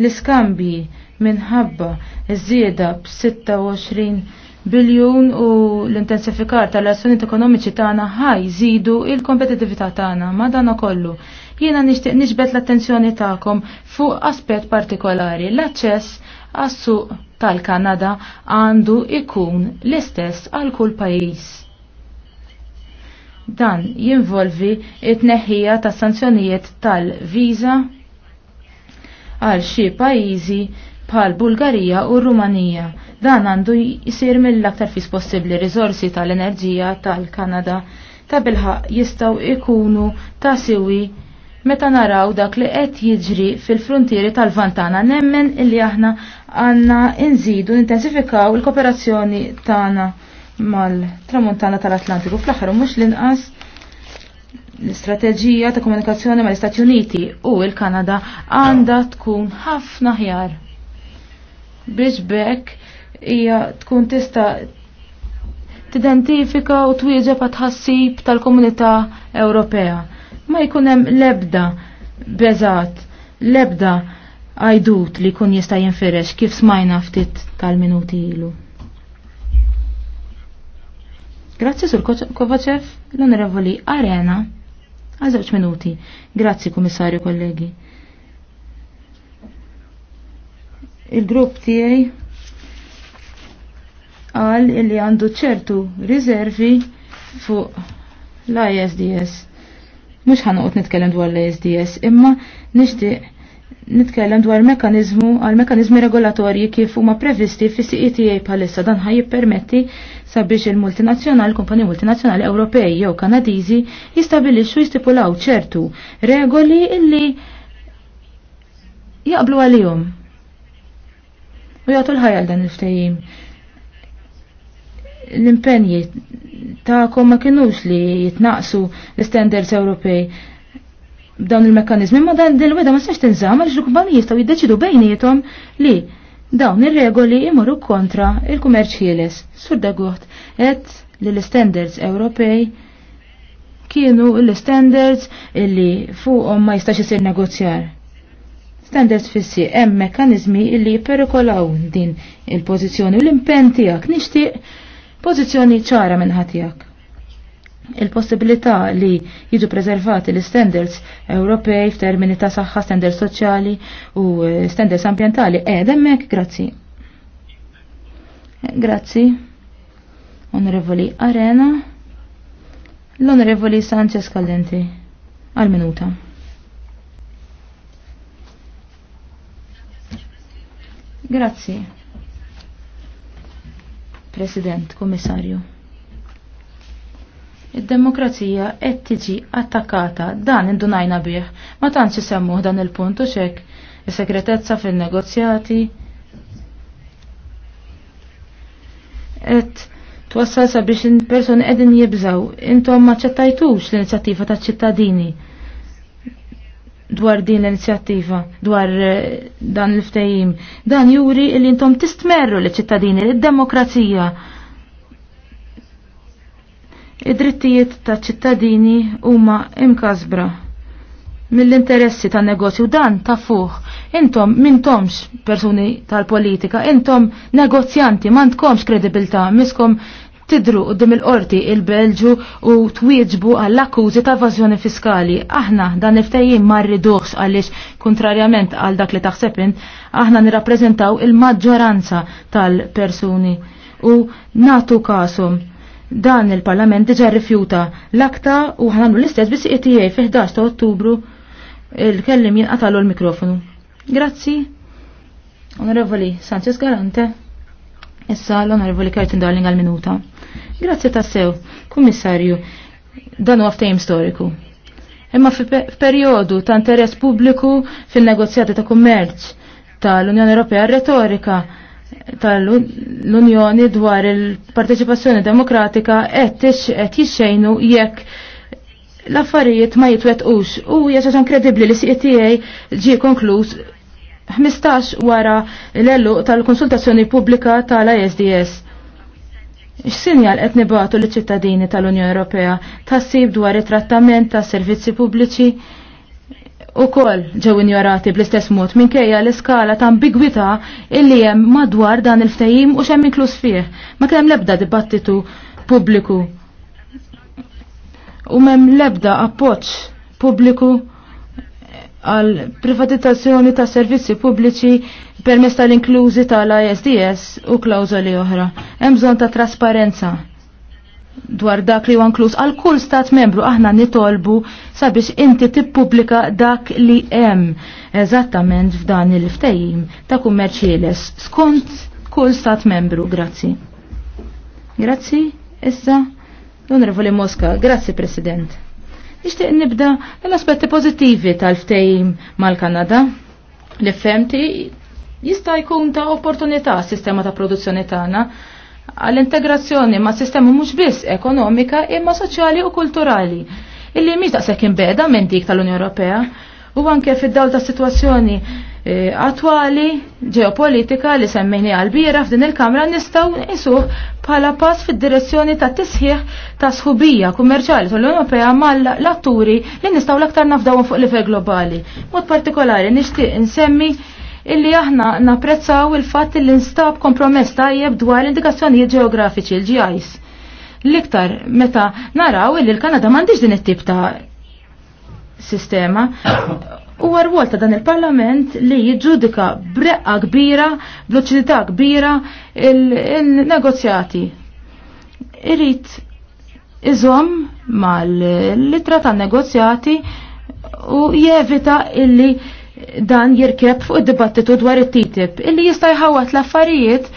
l-iskambji minħabba iż-żieda b'26 biljun u l-intensifikar tal azzjoni ekonomiċi tagħna ħaj żidu il-kompetitività tagħna ma dan kollu. Jiena nixtieq nixbet l-attenzjoni tagħkom fuq aspett partikolari l-aċċess għas-suq tal-Kanada għandu ikun l-istess għal kull pajjiż. Dan jinvolvi it-neħħija ta' sanzjonijiet tal-viża għal xi pajjiżi bħal Bulgarija u Rumanija Dan għandu jisir mill-aktar fis possibli rizorsi tal-enerġija tal-Kanada ta' bilħaq jistaw ikunu ta' siwi meta naraw dak li qed jiġri fil-frontieri tal-Vantana nemmen illi aħna għandna inżidu intensifikaw il-kooperazzjoni tagħna mal-Tramuntana tal-Atlantiku fl-aħħar mhux l-inqas l-istrateġija ta' komunikazzjoni mal-Istati Uniti u l-Kanada għandha tkun ħafna ħjar. Biex bekk hija tkun tista' tidentifika u twieġeb tħassib tal-Komunità Ewropea. Ma jkun hemm lebda beżat, lebda għajdut li kun jista' jinferex kif smajna ftit tal-minuti ilu. Grazzi sur Kovacev, l-Onorevoli Arena, għazewċ minuti. Grazzi, Komissarju, kollegi. Il-grupp tiegħi qal illi għandu ċertu riservi fuq l-ISDS. Mux uqt nitkellem dwar l-ISDS, imma nixtieq nitkellem dwar mekanizmu għal mekanizmi regolatorji kif huma previsti fis CETA bħalissa dan ħaj jippermetti sabiex il-multinazzjonali, kompani multinazzjonali Ewropej jew Kanadiżi jistabilixxu jistipulaw ċertu regoli illi jaqblu għalihom. U jagħtu l-ħajja dan il-ftehim l-impenji ta'kom ma kienux li jitnaqsu l-standards Ewropej b'dawn il-mekkanizmi, ma dan dil-weda ma s-sax tinżam għalix l-kumpaniji jistaw jiddeċidu bejnietom li dawn ir-regoli imorru kontra il-kummerċ ħieles. Sur daguħt, et li l-standards Ewropej kienu l-standards illi fuqhom ma jistax isir negozjar. Standards fissi hemm mekkanizmi li perikolaw din il-pożizzjoni u l-impen tiegħek nixtieq pożizzjoni ċara minn ħatijak. Il-possibilità li jiġu preservati l-standards Ewropej f'termini ta' saħħa, standards soċjali u eh, standards ambientali eh, edemmek, hemmhekk grazzi. Eh, grazzi. Onorevoli Arena. L-Onorevoli Sanchez Callenti. Għal-minuta. Grazie. President, Komissarju. Id-demokrazija qed tiġi attakkata dan indunajna bih. Ma tantx isemmuh dan il-punt u xek is-segretezza fin-negozjati qed twassal sabiex in-persuni qegħdin jibżaw intom ma ċettajtux l-inizjattiva taċ-ċittadini dwar din l-inizjattiva, dwar eh, dan l-ftajim. Dan juri li intom tistmerru li ċittadini, li demokrazija Id-drittijiet ta' ċittadini huma imkazbra mill-interessi ta' negozju dan ta' fuq. Intom mintomx persuni tal-politika, intom negozjanti, mandkomx kredibilta, miskom tidru qudiem il-qorti il-Belġu u twieġbu għall akkużi ta' evażjoni fiskali. Aħna dan il ma rridux għaliex kontrarjament għal dak li taħseb int, aħna nirrappreżentaw il-maġġoranza tal-persuni u natu kasum Dan il-Parlament diġa rifjuta l-akta u ħanamlu l-istess bis ETA fi 11 ta' Ottubru il-kellim jinqatalu l-mikrofonu. Grazzi. Onorevoli Sanchez Garante. Issa l-Onorevoli Kertin Darling għal-minuta. Grazzi tassew, kummissarju, dan huwa ftehim storiku. Imma f'perjodu ta' interess pubbliku fin-negozjati ta' kummerċ tal-Unjoni Ewropea retorika tal-Unjoni dwar il-parteċipazzjoni demokratika qed jixxejnu jekk l-affarijiet ma jitwetqux u jaxaxan kredibli li CTA e ġi konkluż 15 wara l-ellu tal-konsultazzjoni pubblika tal-ISDS. X'sinjal qed nibatu liċ-ċittadini tal-Unjoni Ewropea tassib dwar it-trattament ta' servizzi pubbliċi u kol ġew injorati bl-istess mod minkejja l-iskala ta' ambigwità illi hemm madwar dan il-ftehim u xemm inkluż fih. Ma kemm lebda dibattitu pubbliku. U m'hemm lebda appoġġ pubbliku għal privatizzazzjoni ta' servizzi pubbliċi permess tal-inklużi tal-ISDS u klawżoli oħra. Hemm bżonn ta' trasparenza dwar dak li inkluż għal kull stat membru aħna nitolbu sabiex inti tippubblika dak li hemm eżattament f'dan il-ftejim ta' kummerċieles skont kull stat membru. Grazzi. Grazzi, issa, l-Onorevoli Mosca, grazzi President. Nixtieq nibda l-aspetti pożittivi tal-ftejim mal-Kanada. li femti jista' jkun ta' opportunità s-sistema ta' produzzjoni tagħna għall-integrazzjoni ma' sistema mhux biss ekonomika imma soċjali u kulturali illi mhix daqshekk imbeda minn dik tal-Unjoni Ewropea u anke fid-dawl ta' sitwazzjoni e, attwali ġeopolitika li semmejni għalbira f'din il-Kamra nistgħu nisuh bħala pass fid-direzzjoni ta' tisħiħ ta' sħubija kummerċjali tal-Unjoni Ewropea mal-atturi li nistgħu l-aktar nafdawhom fuq livell globali. Mod partikolari nixtieq insemmi illi aħna napprezzaw il-fatt li nstab kompromess tajjeb dwar indikazzjonijiet ġeografiċi l-GIs. L-iktar meta naraw illi l-Kanada m'għandix din it-tip ta' sistema u għarwol ta' dan il-parlament li jiġġudika breqqa kbira, bloċidità kbira il-negozjati. Irrit iżom mal-litra ta' negozjati u jevita illi dan jirkeb fuq id-dibattitu dwar it-TTIP illi jista' jħawat l-affarijiet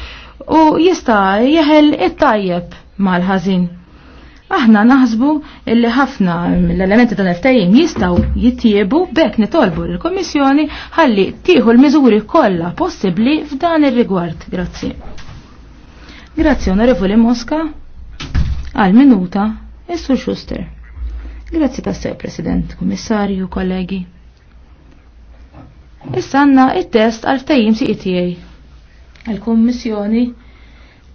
u jista' jeħel it-tajjeb mal-ħażin. Aħna naħsbu illi ħafna l elementi tal-ftajim jistaw jittiebu bekk nitolbu l-Komissjoni ħalli tieħu l-miżuri kollha possibbli f'dan ir-rigward. Grazzi. Grazzi Onorevoli Mosca għal minuta Issu Schuster. Grazzi tassew President, Kummissarju, kollegi. Issa għandna it-test għal ftehim si ETA. Il-Kummissjoni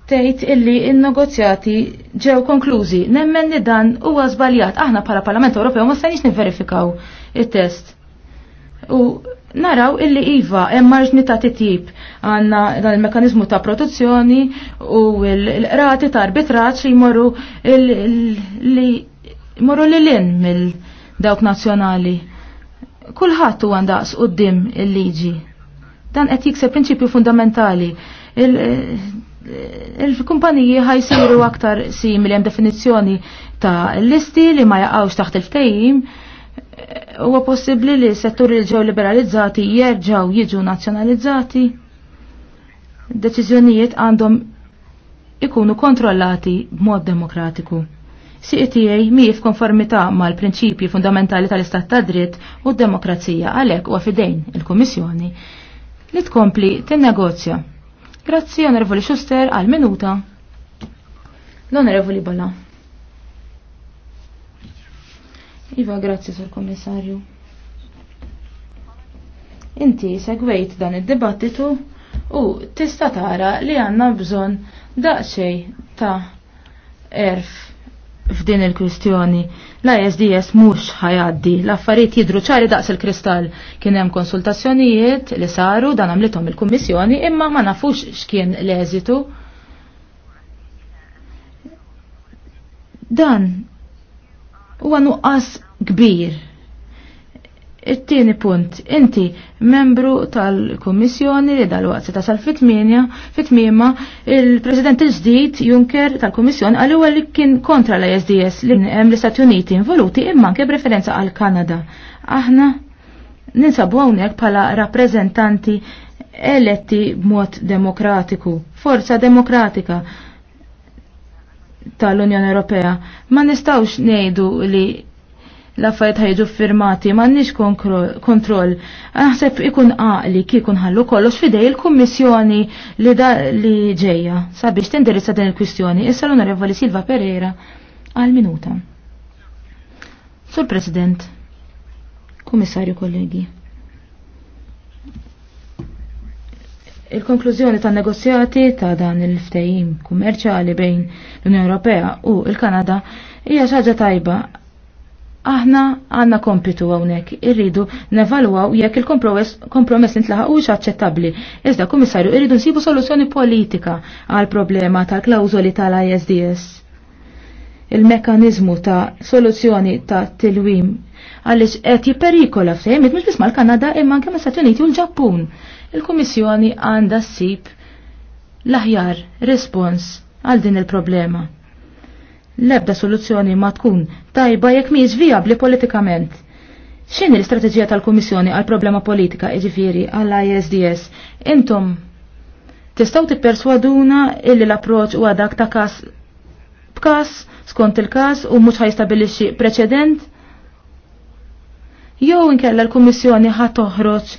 tgħid illi n-negozjati ġew konklużi nemmen li dan huwa żbaljat aħna bħala Parlament Ewropew ma stajnix nivverifikaw it-test. U naraw illi iva hemm marġni ta' titjib għandna dan il-mekanizmu ta' protezzjoni u l-rati ta' arbitraġġ li jmorru li jmorru lil-in mill-dawk nazzjonali kulħadd huwa d quddiem il-liġi. Dan qed jikseb prinċipju fundamentali. Il-kumpaniji ħajsiru aktar simili hemm definizzjoni ta' listi li ma jaqgħux taħt il-ftehim huwa possibbli li setturi li ġew liberalizzati jerġgħu jiġu nazzjonalizzati. Deċiżjonijiet għandhom ikunu kontrollati b'mod demokratiku. CETA mi f'konformità mal-prinċipji fundamentali tal-istat ta' dritt u d-demokrazija għalhekk u fidejn il-Kummissjoni li tkompli tinnegozja. Grazzi Onorevoli Schuster għal minuta. L-Onorevoli Bala. Iva, grazzi sur Kommissarju. Inti segwejt dan id-dibattitu u tista tara li għanna bżon daqsxej ta' erf f'din il-kwistjoni. l SDS mhux ħajaddi, l-affarijiet jidru ċari daqs il-kristall. Kien hemm konsultazzjonijiet li saru dan għamlithom il-Kummissjoni imma ma nafux x'kien l-eżitu. Dan huwa nuqqas kbir It-tieni punt, inti membru tal-Kummissjoni li dal-waqt se tasal fit-tmienja, fit-tmiema, il-President il-ġdid Juncker tal-Kummissjoni għal huwa li kien kontra l-ISDS li hemm l-Istati Uniti involuti imma anke preferenza għal Kanada. Aħna ninsabu hawnhekk bħala rappreżentanti eletti b'mod demokratiku, forza demokratika tal-Unjoni Ewropea. Ma nistgħux ngħidu li laffajt ħajġu firmati m'għandniex kontroll. Naħseb ikun għaqli kikun ħallu kollox fidej il-Kummissjoni li da li ġejja sabiex tindirizza din il-kwistjoni. Issa l-Onorevoli Silva Pereira għal minuta. Sur President, Kommissarju kollegi. Il-konklużjoni tan negozjati ta' dan il-ftehim kummerċali bejn l-Unjoni Ewropea u l-Kanada hija xaġa tajba aħna għanna kompitu għawnek, irridu nevaluaw jekk il-kompromess intlaħa u xaċċettabli. Iżda, komissarju, irridu nsibu soluzzjoni politika għal problema tal-klawżoli tal-ISDS. Il-mekanizmu ta' soluzzjoni ta' tilwim għalix qed jipperikola f'sejmit mhux biss mal-Kanada imma anke mas-Stati Uniti u l-Ġappun. Il-Kummissjoni għandha ssib l-aħjar respons għal din il-problema. L-ebda soluzzjoni ma tkun tajba jekk mhijiex viabli politikament. X'inhi l-istrateġija tal-Kummissjoni għal problema politika jiġifieri għall ISDS? Intom tistgħu tipperswaduna illi l-approċċ huwa dak ta' każ b'każ skont il-każ u mhux ħajstabilixxi preċedent? Jew inkella l-Kummissjoni ħa toħroġ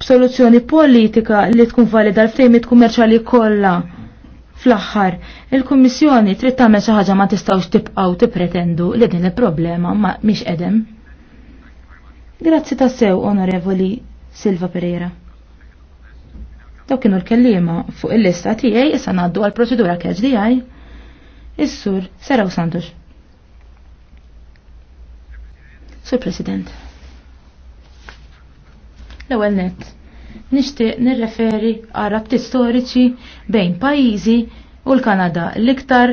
b'soluzzjoni politika li tkun valida l-ftejmiet kummerċjali kollha Fl-aħħar, il-Kummissjoni trid tagħmel xi ħaġa ma tistgħux tibqgħu tippretendu li din il-problema ma mhix qedem. Grazzi tassew, Onorevoli Silva Pereira. Dawk kienu l-kellima fuq il-lista tiegħi issa ngħaddu għal proċedura catch DI. Is-sur Seraw Santos. Sur President. L-ewwel nett nixtieq nirreferi għal istoriċi bejn pajjiżi u l-Kanada. L-iktar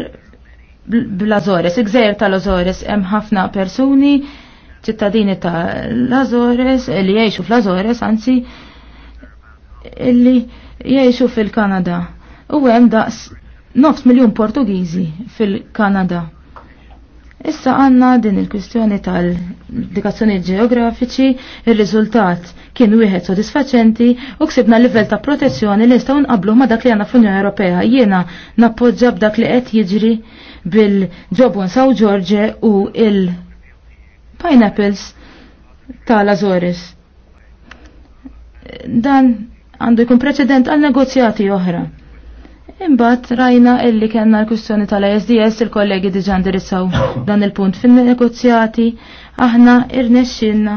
bl-Azores, il tal-Azores hemm ħafna persuni ċittadini ta' l azores li jgħixu fl-Azores, anzi li jgħixu fil-Kanada. U hemm daqs nofs miljun Portugiżi fil-Kanada. Issa għanna din il-kwistjoni tal-indikazzjoni ġeografiċi, il-riżultat kien wieħed sodisfaċenti u ksibna livell ta' protezzjoni li nistgħu nqablu ma' dak li għandna fl-Unjoni Ewropea. Jiena nappoġġa b'dak li qed jiġri bil ġobun Saw George u il-pineapples tal-Azores. Dan għandu jkun preċedent għal negozjati oħra. Imbagħad rajna illi kellna l-kwistjoni tal-ISDS il-kollegi diġà ndirizzaw [coughs] dan il-punt fin-negozjati aħna irnexxinna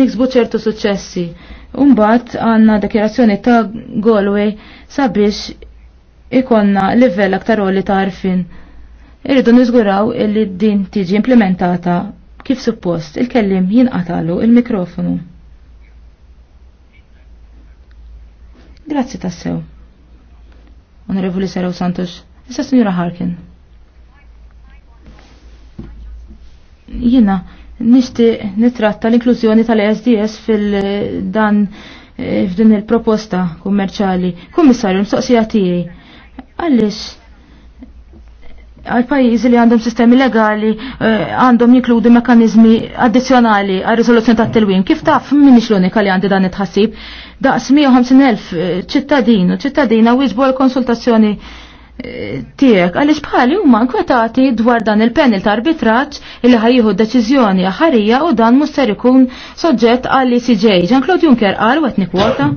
niksbu ċertu suċċessi. Umbat għanna dekirazzjoni ta' Galway sabiex ikonna livell aktar li ta' arfin. Irridu niżguraw illi din tiġi implementata kif suppost il-kellim jinqatalu il-mikrofonu. Grazzi tassew. Onorevoli Seraw Santos, issa Signora Harkin. Jina, nishti nitratta l-inklużjoni tal-SDS fil-dan eh, f'din il-proposta kummerċali. Kummissarju, msoqsija tiegħi. Għaliex għal pajjiżi li għandhom sistemi legali eh, għandhom jinkludi mekanizmi addizzjonali għal riżoluzzjoni tat telwin. Kif taf minix l-unika li għandi dan it-ħassib? Daqs 150.000 eh, ċittadin u ċittadina wieġbu l-konsultazzjoni eh, tiegħek għaliex bħali huma nkwetati dwar dan il-panel ta' arbitraġġ illi ħajjieħu deċiżjoni aħarija u dan mhux ser ikun soġġett għal ICJ. E Jean-Claude Juncker qal wet nikwota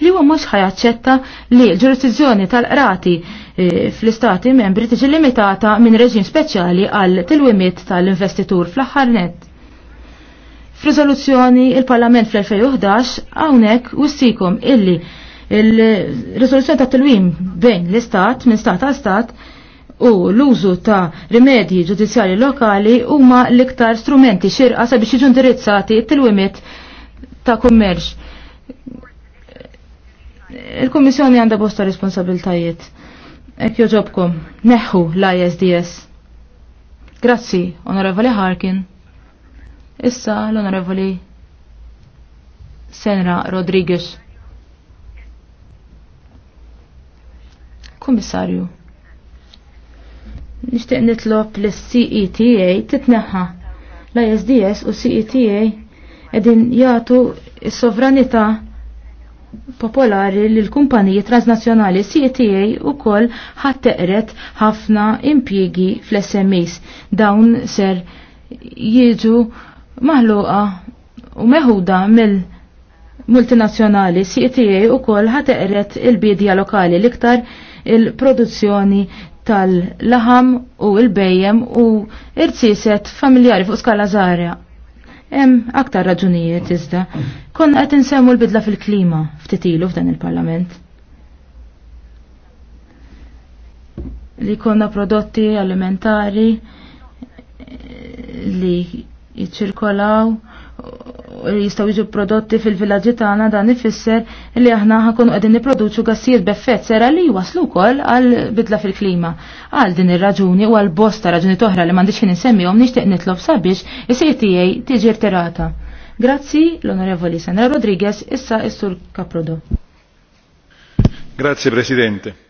li huwa mhux ħajaċċetta li l-ġurisdizzjoni tal-qrati E, fl-istati membri tiġi limitata minn reġim speċjali għal tilwimiet tal-investitur fl-aħħar net. F'riżoluzzjoni il-Parlament fl-2011 hawnhekk wissikom illi il-riżoluzzjoni ta' tilwim bejn l-istat minn stat għal stat u l-użu ta' rimedji ġudizzjali lokali huma l-iktar strumenti xirqa sabiex jiġu indirizzati tilwimit tilwimiet ta' kummerċ. Il-Kommissjoni għandha bosta responsabiltajiet Ek joġobkom, neħu l-ISDS. Grazzi, onorevoli Harkin. Issa l-onorevoli Senra Rodriguez. Komissarju. Nishtiq nitlob l-CETA titneħħa. L-ISDS u CETA edin jgħatu s-sovranità popolari li l-kumpaniji transnazjonali CTA u koll ħatteqret ħafna impjiegi fl-SMEs. Dawn ser jiġu maħluqa u meħuda mill multinazzjonali CTA u koll ħateqret il-bidja lokali liktar il-produzzjoni tal-laħam u il-bejjem u irċiset familjari fuq skala zarja. Hemm aktar raġunijiet iżda. Kon qed insemmu l-bidla fil-klima ftit ilu f'dan il-Parlament. Li konna prodotti alimentari eh, li jiċirkolaw jistaw jiġu prodotti fil-villaġġi tagħna dan ifisser li aħna ħakun qegħdin nipproduċu gassijiet b'effett sera li waslu wkoll għal bidla fil-klima. Għal din ir-raġuni u għal bosta raġuni toħra li m'għandix ħin insemmihom nixtieq nitlob sabiex is sej tiegħi tiġi irtirata. Grazzi l-Onorevoli Sena Rodriguez issa is-Sur Caprodo. Grazie Presidente.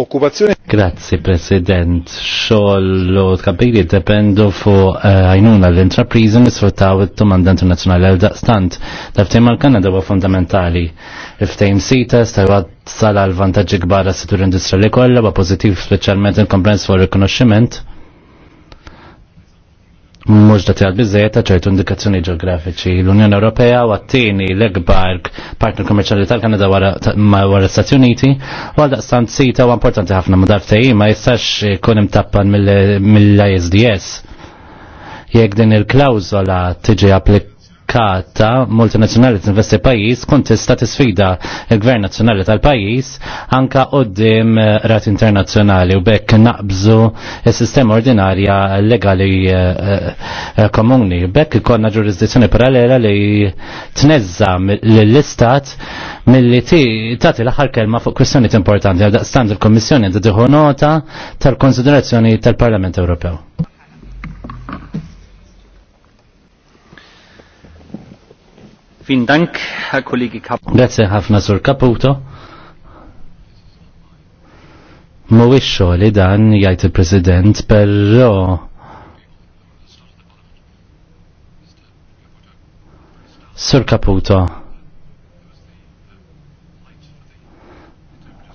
Okkupazzjoni. Grazzi President, xoll u tkabbiri dependu fu eh, għajnuna uh, l-intrapriżi nisfruttaw it tumand internazzjonali għal daqstant. Daftejn mal-Kanada huwa fundamentali. Iftejm sita stajwa sala l-vantaġġi kbar għas-settur industriali kollha huwa pożittiv speċjalment il-komprens fuq rikonoxximent mux da tijad bizzejet ta' ċertu indikazzjoni ġeografiċi. L-Unjoni Ewropea u għattini l-ekbar partner kommerċali tal-Kanada wara Stati Uniti u għal daqstant sita u importanti ħafna madar ftejji ma jistax kunem tappan mill-ISDS. Jek din il-klawzola tiġi applik kata multinazzjonali t-investi pajjiż kont tista' tisfida il-Gvern Nazzjonali tal-pajjiż anka qudiem eh, rat internazzjonali u bekk naqbżu s-sistema ordinarja legali eh, eh, komuni. Bekk ikonna ġurisdizzjoni parallela li tnezza l-istat milli tagħti l-aħħar kelma fuq kwistjonijiet importanti għal daqstant il-Kommissjoni diħu nota tal-konsiderazzjoni tal-Parlament Ewropew. Vielen Dank, Herr Kollege Caputo. Grazie ħafna sur Caputo. Mhuwiex xogħol dan jgħid il-President, però Sur Caputo.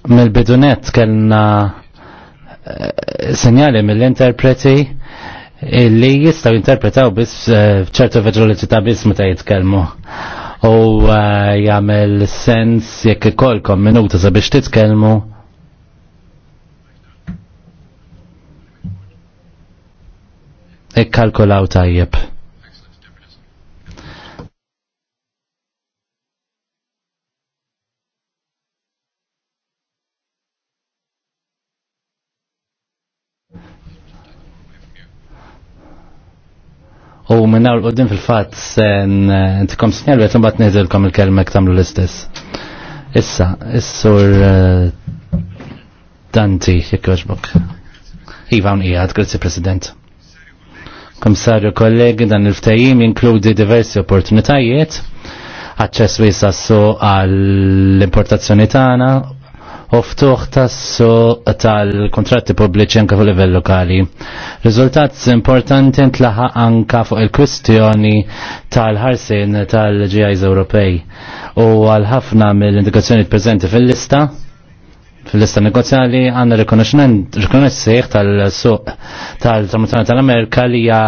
Mill-bidunet kellna eh, senjali mill-interpreti li jistaw interpretaw biss eh, ċertu veġolità biss meta jitkellmu u uh, jagħmel sens jekk ikolkom minuta sabiex titkellmu. Ikkalkulaw tajjeb. U minn l qoddim fil-fat sen eh, tikom snjal, għetum bat nizilkom il-kelma tamlu l-istess. Issa, issur eh, Danti, jek joġbok. Iva un ijad, grazie President. Komissarju kollegi dan il-ftajim jinkludi diversi opportunitajiet, aċċess wisa su għall-importazzjoni tagħna u ftuħ tassu tal-kontratti pubbliċi anka fuq livell lokali. Riżultat importanti ntlaħaq anka fuq il-kwistjoni tal-ħarsin tal-GIs Ewropej u għal ħafna mill-indikazzjoni preżenti fil-lista fil-lista negozjali għanna rikonoxxieħ tal-suq tal-Tramuntana tal-Amerika li hija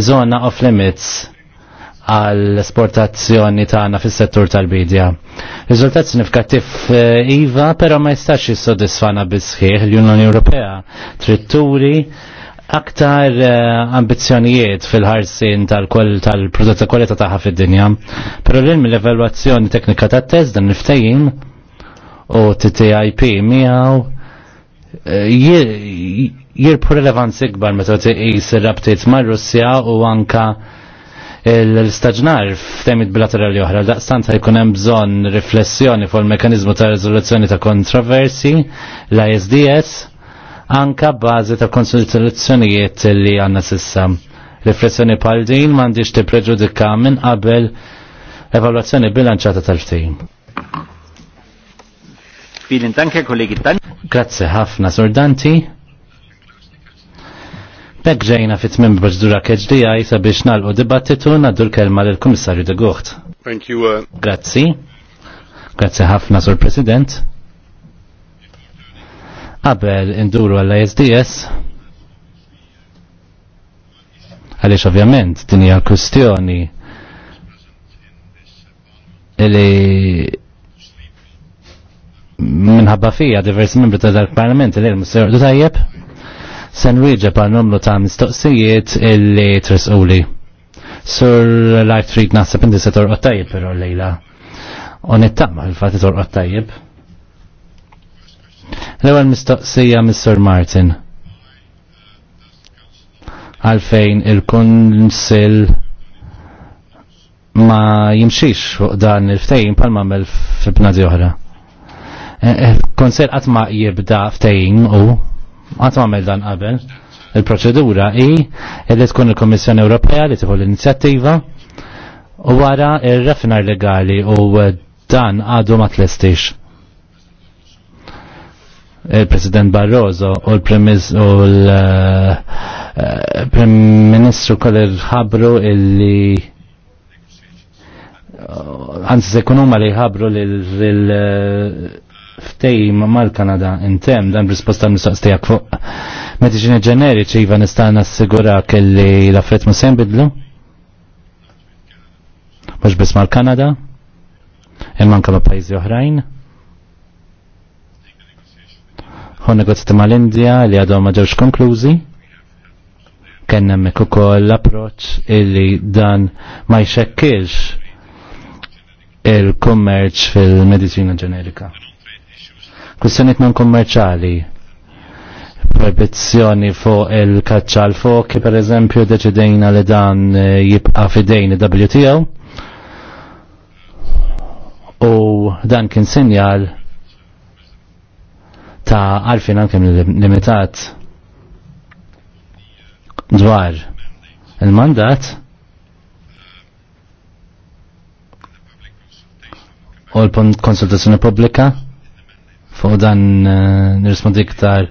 zona off limits għall-esportazzjoni tagħna fis-settur tal-bidja. Riżultat sinifikattiv eh, iva, però ma jistax jissodisfana bisħieħ l-Unjoni Ewropea trid turi aktar eh, ambizzjonijiet fil-ħarsin tal prodotta tal-prodotti kwalità tagħha fid-dinja. Però l mill-evalwazzjoni teknika tat-test dan niftejjim u TTIP miegħu eh, jirpu relevanz ikbar meta tiqis ir-rabtiet mar-Russja u anka l istaġnar f'temit bilaterali oħra, daqstant ħajkun hemm bżonn riflessjoni fuq il-mekanizmu ta' riżoluzzjoni ta' kontroversi, l-ISDS, anka bażi ta' konsultazzjonijiet li għandna sissa. Riflessjoni bħal din m'għandix tippreġudika minn qabel evalwazzjoni bilanċata tal-ftehim. Vielen Grazie ħafna, Sur Danti. Bekk ġejna fit tmim proċedura KHDI sabiex nalqu dibattitu naddu l-kelma lill kummissarju de Gucht. Thank you. Uh, Grazzi. Grazzi ħafna, Sur President. Qabel induru għall ISDS għaliex ovvjament din hija kwestjoni li minħabba fija diversi membri ta' dal-parlament li l-musser Dutajjeb. Sen wieġa pa' numru ta' mistoqsijiet illi trisquli. Sur live treat naħseb inti se torqod tajjeb però lejla. U nittama il-fatt torqod tajjeb. L-ewwel mistoqsija mis-Sur Martin. Għalfejn il-Kunsil ma jimxiex fuq dan il-ftejn palma mel f'bnadi oħra. Eh, eh, Konsel qatt ma jibda ftejn u għatma għamil dan qabel. Il-proċedura i li tkun il komissjoni Ewropea li tieħu l-inizjattiva u wara il refinar legali u dan għadu ma tlestix il-President Barroso u l-Prim eh, Ministru kollir ħabru illi għanzi eh, se kunuma li ħabru l ftejm mal-Kanada intem dan risposta mistaqstijak fuq mediċini ġeneriċi iva nista' nassigura kelli l-affett ma se nbidlu? Mhux biss mal-Kanada? Imma anke ma' pajjiżi oħrajn? Hu negozjati mal-Indja li għadhom ma ġewx konklużi? Kenna hemmhekk ukoll l-approċċ illi dan ma jxekkilx il-kummerċ fil-medicina ġenerika kwistjoniet non kummerċali proibizzjoni fuq il-kaċċa l foki per eżempju deċidejna li dan eh, jibqa fidejn il-WTO u dan kien sinjal ta' għalfin anke limitat dwar il-mandat u l-konsultazzjoni pubblika fuq dan eh, nirrispondi iktar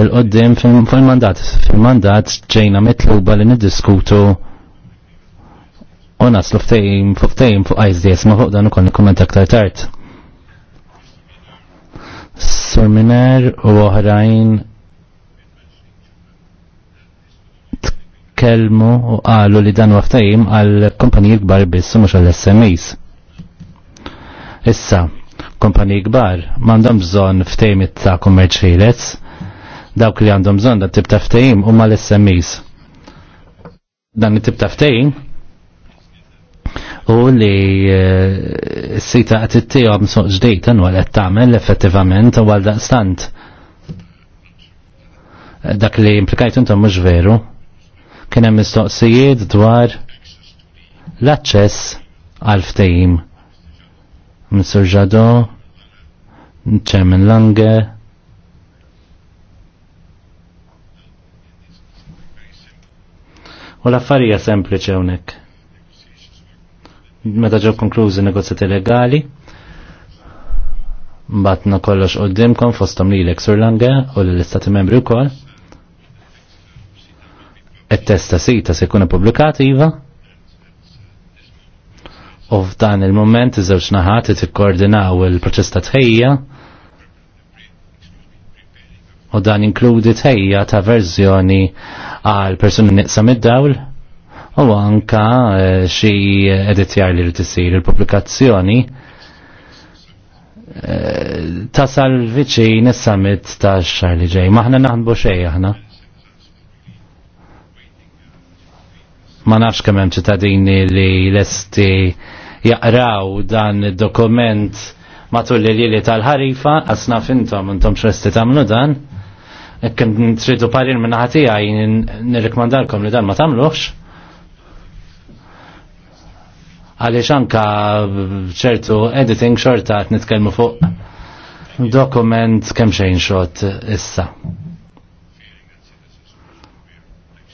il-qoddim fil-mandat. Fil-mandat ġejna mitluba li niddiskutu u naslu ftejn fuq ftejn fuq ISDS ma fuq dan ukoll nikkumment aktar tard. Surminer u oħrajn tkellmu u qalu li dan waftajim għal kompaniji kbar biss mhux għall-SMEs. Issa, kompani kbar m'għandhom bżonn ftejmit ta' kummerċ dawk li għandhom bżonn dan tip ta' ftejim huma l-SMEs. Dan it-tip ta' ftejim u li eh, s-sita qed ittihom suq ġdejt inwal qed tagħmel effettivament u għal daqstant. Dak li implikajt intom mhux veru, kien hemm mistoqsijiet dwar l-aċċess għal ftehim Mr. Jadot, Chairman Lange, U l-affarija sempliċi hawnhekk. Meta ġew konklużi negozjati legali, batna kollox qoddimkom fostom lilek sur Lange u l-istati membri wkoll. Et-testa sita se jkunu pubblikati iva, U f'dan il-moment iż-żewġ naħat tikkoordinaw il-proċess ta' tħejja u dan inkludi tħejja ta' verżjoni għal persuni niqsa mid-dawl u anka eh, xi editjar li tisir il-pubblikazzjoni eh, tasal viċin is-summit ta' xar li ġej. Maħna naħnbu xej aħna. Ma nafx kemm hemm ċittadini li lesti jaqraw dan id-dokument matul li li tal-ħarifa, għasna fintom, intom xresti tamlu dan, kien tridu parir minna għaj nirrikmandalkom li dan ma tamluħx. Għaliex xanka ċertu editing xorta għat nitkelmu fuq dokument kemm xejn xot issa.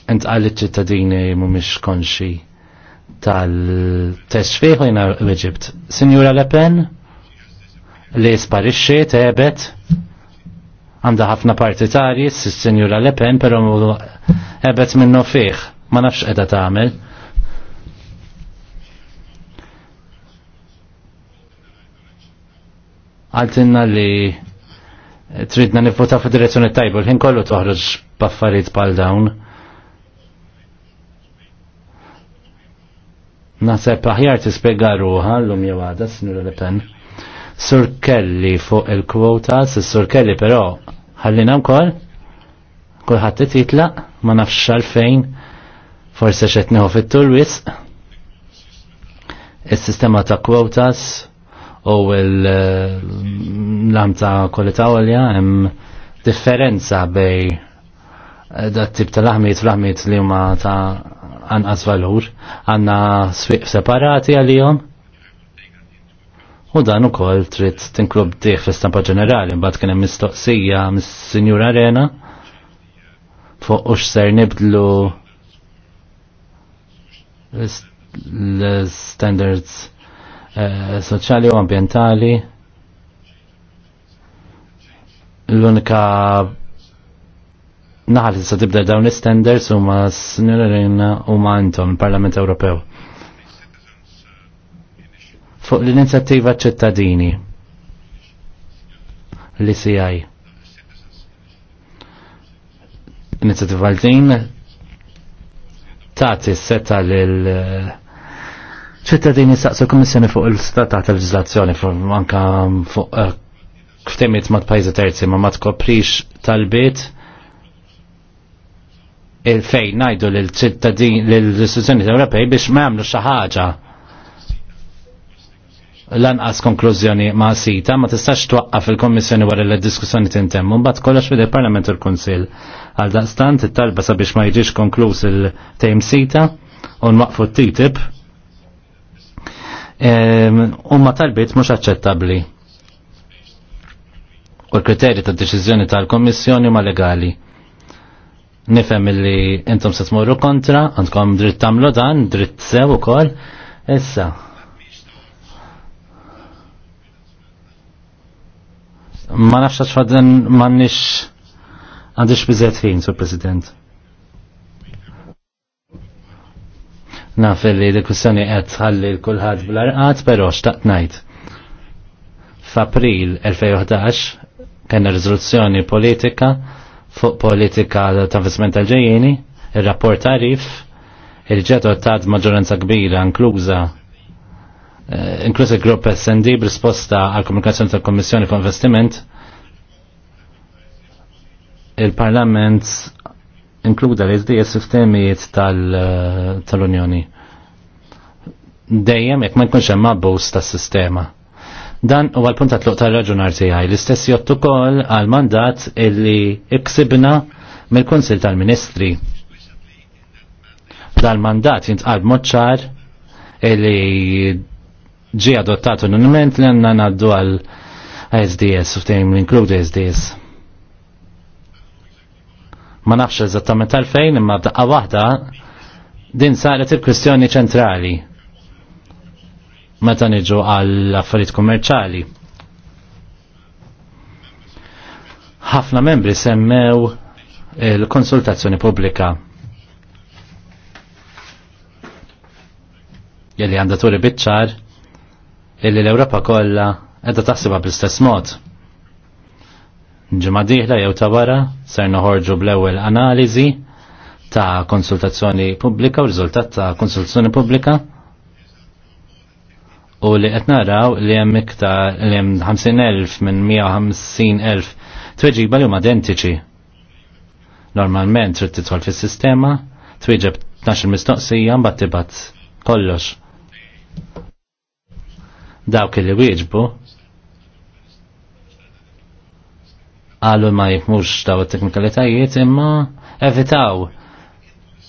Ent għalli ċittadini mumiex konxi tal u jina l-Eġibt. Signora Le Pen, li sparixxiet, tebet, għanda ħafna partitari, s-Signora Le Pen, pero ebet minnu fiħ, ma nafx edha tagħmel. Għaltinna li tridna nifuta fid-direzzjoni tajbu, l-ħin kollu toħroġ baffariet pal dawn Naħseb aħjar tispjega ruħa l-lum jewada, s Sinjura Le Pen. Sur Kelly fuq il s Sur Kelly però ħallina wkoll kulħadd titlaq ma nafx fejn forse xetniħu fit fit-turwis. Is-sistema ta' kvotas u l-lam eh, ta' kwalità għolja hemm differenza bej eh, dat tip ta' laħmiet fl-laħmiet li huma ta' għan valur, għanna swieq separati għalihom. U dan ukoll trid tinklub diħ fl-istampa ġenerali, mbagħad kien hemm mistoqsija mis senjur Arena fuq ux ser nibdlu l-standards eh, soċjali u ambientali l-unika naħal sa tibda dawn l-standards u ma s-nirrina u ma għantom il-Parlament Ewropew. Fuq l-inizjattiva ċittadini l-ICI. Inizjattiva l-din tagħti s setta l eh, ċittadini saqsu l-Kommissjoni fuq il stata ta' fuq manka fuq eh, ftemiet ma' pajzi terzi ma ma tkoprix tal-bit il-fejn najdu l-ċittadin l-istituzzjoni Ewropej biex ma jagħmlu xi ħaġa lanqas konklużjoni ma sita ma tistax twaqqaf il-Kommissjoni wara l-diskussjoni tintemm mbagħad kollox fil parlament u l-Kunsill. Għal daqstant it-talba sabiex ma jiġix konkluż il-tejm sita u nwaqfu t-titib huma talbiet mhux aċċettabbli. U l-kriterji tad-deċiżjoni tal-Kommissjoni ma legali Nifem illi intom se tmorru kontra, għandkom dritt tamlu dan, dritt sew ukoll. Issa. Ma nafx fadden ma nix għandix bizet ħin, sur President. Naf li l-kussjoni qed tħalli l-kulħadd bl-arqat, però xtaqt ngħid. F'April 2011 kena riżoluzzjoni politika fuq politika ta' visment tal-ġejjeni, il-rapport tarif, il-ġeto tad maġġoranza kbira, inkluża eh, inkluż il-grupp SND b'risposta għal komunikazzjoni tal-Kommissjoni fuq investiment, il-Parlament inkluda l-SDS sistemijiet eh, tal-Unjoni. Dejjem jekk ma jkunx hemm abbuż tas-sistema. Dan u għal-punta tluq tal-raġunar tijaj, l-istess jottu kol għal-mandat illi iksibna mill-Konsil tal-Ministri. Dal-mandat jintqal moċċar illi ġi adottat un-nument li għanna naddu għal SDS, u ftejm l-inkludi SDS. Ma nafx eżattament tal-fejn, imma daqqa wahda din saret il-kwistjoni ċentrali meta niġu għall affarijiet kummerċali. Ħafna membri semmew il-konsultazzjoni pubblika. Jelli għandha turi biċċar illi l-Ewropa kollha qed taħsibha bl-istess mod. Ġimgħa dieħla jew ta' wara ser noħorġu bl-ewwel analiżi ta' konsultazzjoni pubblika u riżultat ta' konsultazzjoni pubblika u li qed naraw li hemm iktar li hemm 50,000 minn 150,000 tweġiba li huma identiċi. Normalment trid tidħol fis-sistema, twieġeb 12 mistoqsija mbagħad tibgħat kollox. Dawk li wieġbu għalu ma jifmux daw it-teknikalitajiet imma evitaw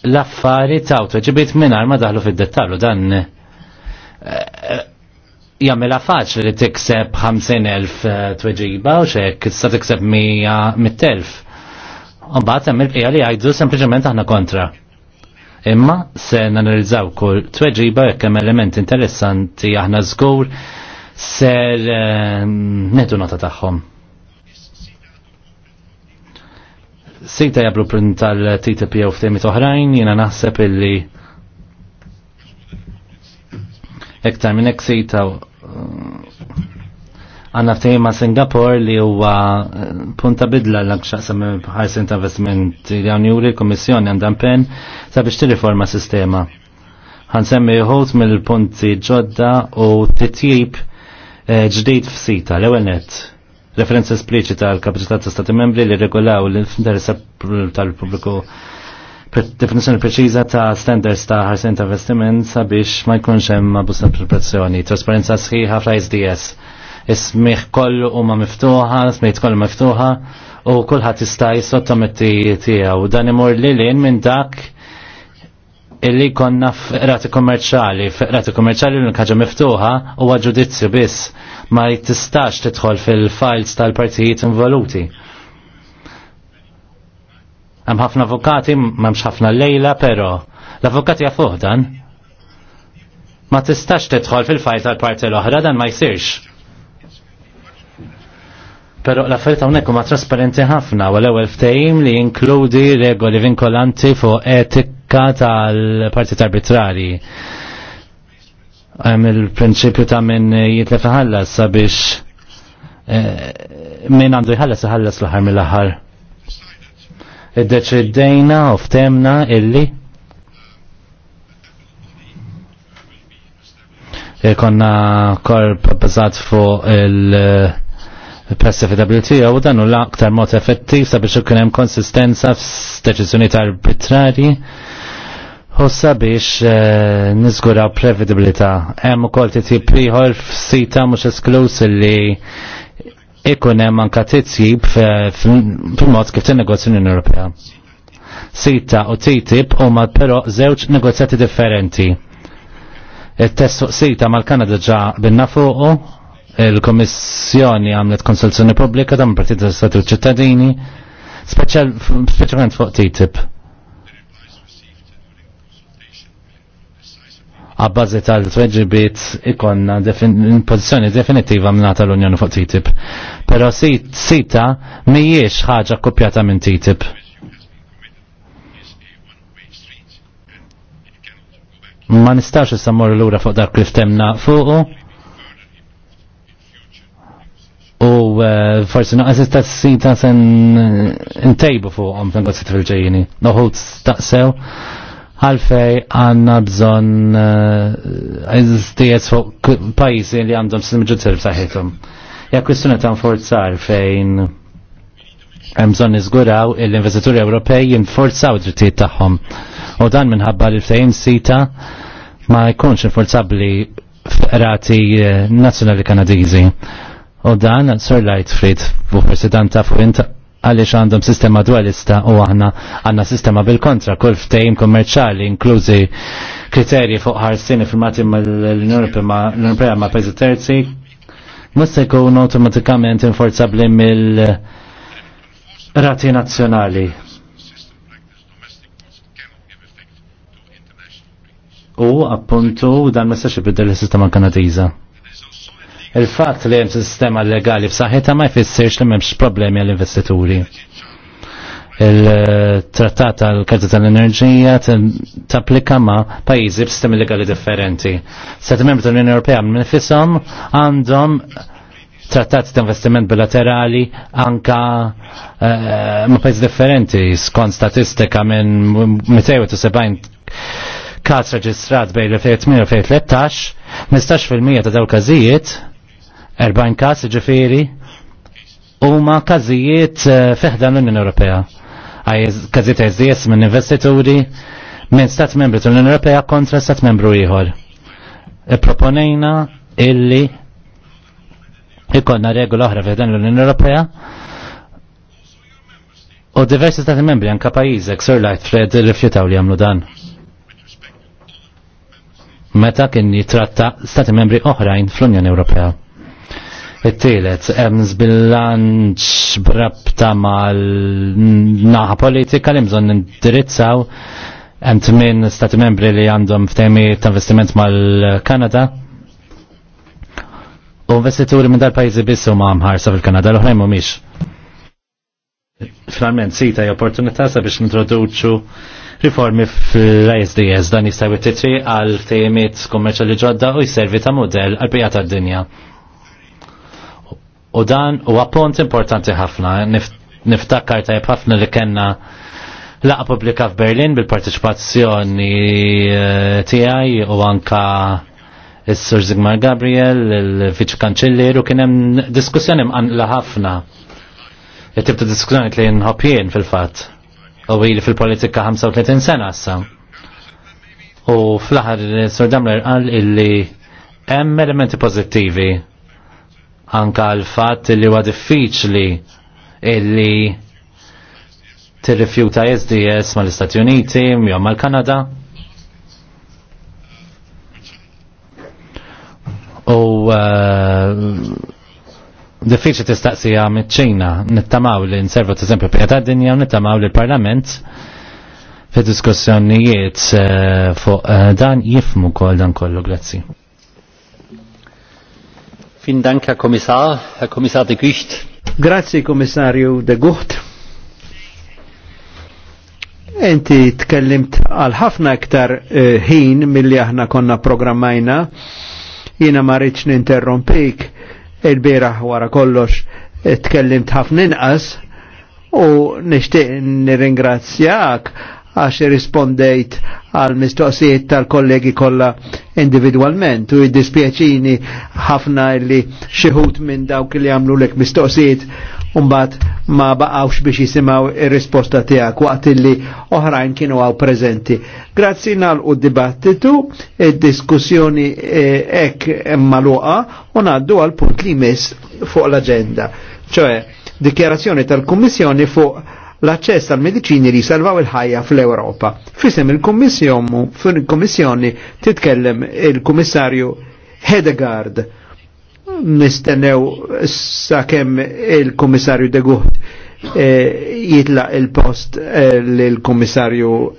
l-affari taw tweġibiet minn ma daħlu fid-dettallu dan eh, eh, jagħmilha faċli li tikseb 50,000 eh, tweġiba u xek issa tikseb 100,000. U mbagħad hemm il-qija li jgħidu sempliċement aħna kontra. Imma se nanalizzaw kull tweġiba jekk hemm element interessanti aħna żgur ser eh, netu nota tagħhom. Sita jabru print tal-TTP u ftemi oħrajn, jiena naħseb illi Ektar minn eksita għanna ftejn ma' Singapore li huwa eh, punta bidla l xaqsam ħarsin ta' investiment li għan juri l-Kommissjoni għandan pen sabiex tirriforma sistema. Għansemmi ħot mill-punti ġodda u titjib eh, ġdijt f'sita l-ewel net. Referenza espliċita għal kapacità ta' stati membri li regolaw l interessa tal-pubbliku definizjoni preċiża ta' standards ta' ħarsen ta' investiment sabiex ma jkunx hemm abus ta' preparazzjoni, trasparenza sħiħa fl-ISDS. Ismiħ kollu huma miftuħa, ismiħ kollu miftuħa u kulħadd jista' jisottometti tiegħu. Dan imur lilin minn dak illi konna f'rati kommerċali, f'rati kommerċali l-kħagġa miftuħa u ġudizzju biss ma jtistax tidħol fil-files tal-partijiet involuti. Hemm ħafna avukati, m'hemmx ħafna lejla, pero l-avukati jafuh dan. Ma tistax tidħol fil-fajt tal-parti l-oħra dan ma jsirx. Pero l-affarijiet hawnhekk huma trasparenti ħafna u l-ewwel ftehim li jinkludi regoli vinkolanti fuq etika tal-partit arbitrari. Hemm il-prinċipju ta' min jitlef iħallas sabiex eh, min għandu jħallas ħallas l-aħħar mill-aħħar. Id-deċiddejna u ftemna illi konna korp bazzat fuq il psfwt u dan u l-aktar mod effettiv sabiex ikun hemm konsistenza f'deċiżjonijiet arbitrarji u sabiex eh, niżguraw prevedibilità. Hemm ukoll titjib f f'sita mhux esklus li ikun hemm anke titjib fil-mod kif tinnegozja l-Unjoni Ewropea. Sita u TTIP huma però żewġ negozjati differenti. Il-test sita mal-Kanada ġa binna fuqu, il-Komissjoni għamlet konsultazzjoni pubblika dan partit tal-Stati ċittadini, speċjalment fuq TTIP għabbażi tal-tweġibiet ikonna defin pozizjoni definitiva mnata l-Unjoni fuq TTIP. Pero sita mijiex ħaġa kopjata minn TTIP. Ma nistax s-sammur l-ura fuq dak li ftemna fuq u eh, forsi naqas istat sita sen intejbu eh, fuqhom negozjat fil-ġejjini. Noħut staqsew għalfej għanna bżon għizdiet eh, fuq pajjiżi li għandhom s-simġuzzjoni b'saħħithom. Ja kwistjoni ta' forzar fejn hemm bżonn niżguraw l-investituri Ewropej jinforzaw drittijiet tagħhom. U dan minħabba li fejn sita ma jkunx inforzabli f'rati eh, nazzjonali Kanadiżi. U dan Sir Lightfried, u presidenta fuq għaliex għandhom sistema dualista u aħna għandna sistema bil-kontra, kull ftejim kommerċali inklużi kriterji fuq ħarsin firmati mal l Ewropea ma' pajjiżi terzi mhux se jkunu awtomatikament inforzabbli mill-rati nazzjonali. U appuntu dan ma jistax ibidel sistema Kanadiża. Il-fatt li hemm sistema legali b'saħħitha ma jfissirx li m'hemmx problemi għall-investituri. Il-trattat tal kazza tal-Enerġija tapplika ma' pajjiżi b'sistemi legali differenti. Stati membri tal-Unjoni Ewropea minn fisom għandhom trattati ta' investiment bilaterali anka eh, ma' pajizi differenti skont statistika minn 270 kas reġistrat bejn 2008 u 2013 15% ta' dawk każijiet 40 kas ġifiri huma każijiet eh, fiħdan l-Unjoni Ewropea. kazijiet għazijiet minn investituri minn stat membri tal-Unjoni Ewropea kontra stat membru ieħor. Proponejna illi ikonna regola oħra fiħdan l-Unjoni Ewropea u diversi stati membri anka pajjiżek Sir Fred rifjutaw li jagħmlu dan meta kien jitratta stati membri oħrajn fl-Unjoni Ewropea. It-tielet, hemm lanċ brabta mal-naħa politika li bżonn indirizzaw hemm minn stati membri li għandhom ftehimiet ta' investiment mal-Kanada. U investituri minn dal-pajjiżi biss huma mħarsa fil-Kanada, l-oħrajn mhumiex. Finalment sita hija opportunità sabiex introduċu riformi fl-ISDS dan jista' jittitri għal ftehimiet kummerċjali ġodda u jservi ta' mudell għal bija tad-dinja. U dan huwa punt importanti ħafna, niftakkar tajb ħafna li kena laqa pubblika f'Berlin bil-parteċipazzjoni eh, tiegħi u anka s sur Zigmar Gabriel, il-Viċ Kanċilleru, kien hemm diskussjoni mqanqla ħafna. il diskussjoni li nħobjien fil-fatt. U ili fil-politika 35 sena issa. U fl-aħħar Sur Damler qal illi hemm elementi pożittivi anka l-fatt li huwa diffiċli illi tirrifjuta SDS mal-Istati Uniti, jew mal-Kanada. U uh, diffiċi tistaqsija mit-ċina, nittamaw li nservu t-eżempju pjata dinja u nittamaw li l-parlament fi diskussjonijiet uh, fuq uh, dan jifmu kol dan kollu, grazzi. Vielen Dank, Herr Kommissar. Herr Kommissar de Gucht. Grazie, Kommissarju de Gucht. Enti tkellimt għal ħafna iktar eh, ħin uh, mill aħna konna programmajna. Jiena ma marriċ ninterrompik il bieraħ wara kollox eh, tkellimt ħafna inqas u nixtieq nirringrazzjak għax rispondejt għal mistoqsijiet tal-kollegi kollha individwalment u jiddispjaċini ħafna li xieħut minn dawk li għamlu lek mistoqsijiet umbat ma baqawx biex jisimaw ir-risposta tiegħek waqt illi oħrajn kienu għaw preżenti. Grazzi nal d-dibattitu, id-diskussjoni hekk e, maluqa u ngħaddu għal punt li jmiss fuq l agenda ċoe, dikjarazzjoni tal-Kummissjoni fuq l access għal medicini li salvaw il-ħajja fl europa Fisem il-Kommissjoni titkellem il kommissarju Hedegaard nistennew sakemm il kommissarju Deguht eh, jitla il-post eh, l kommissarju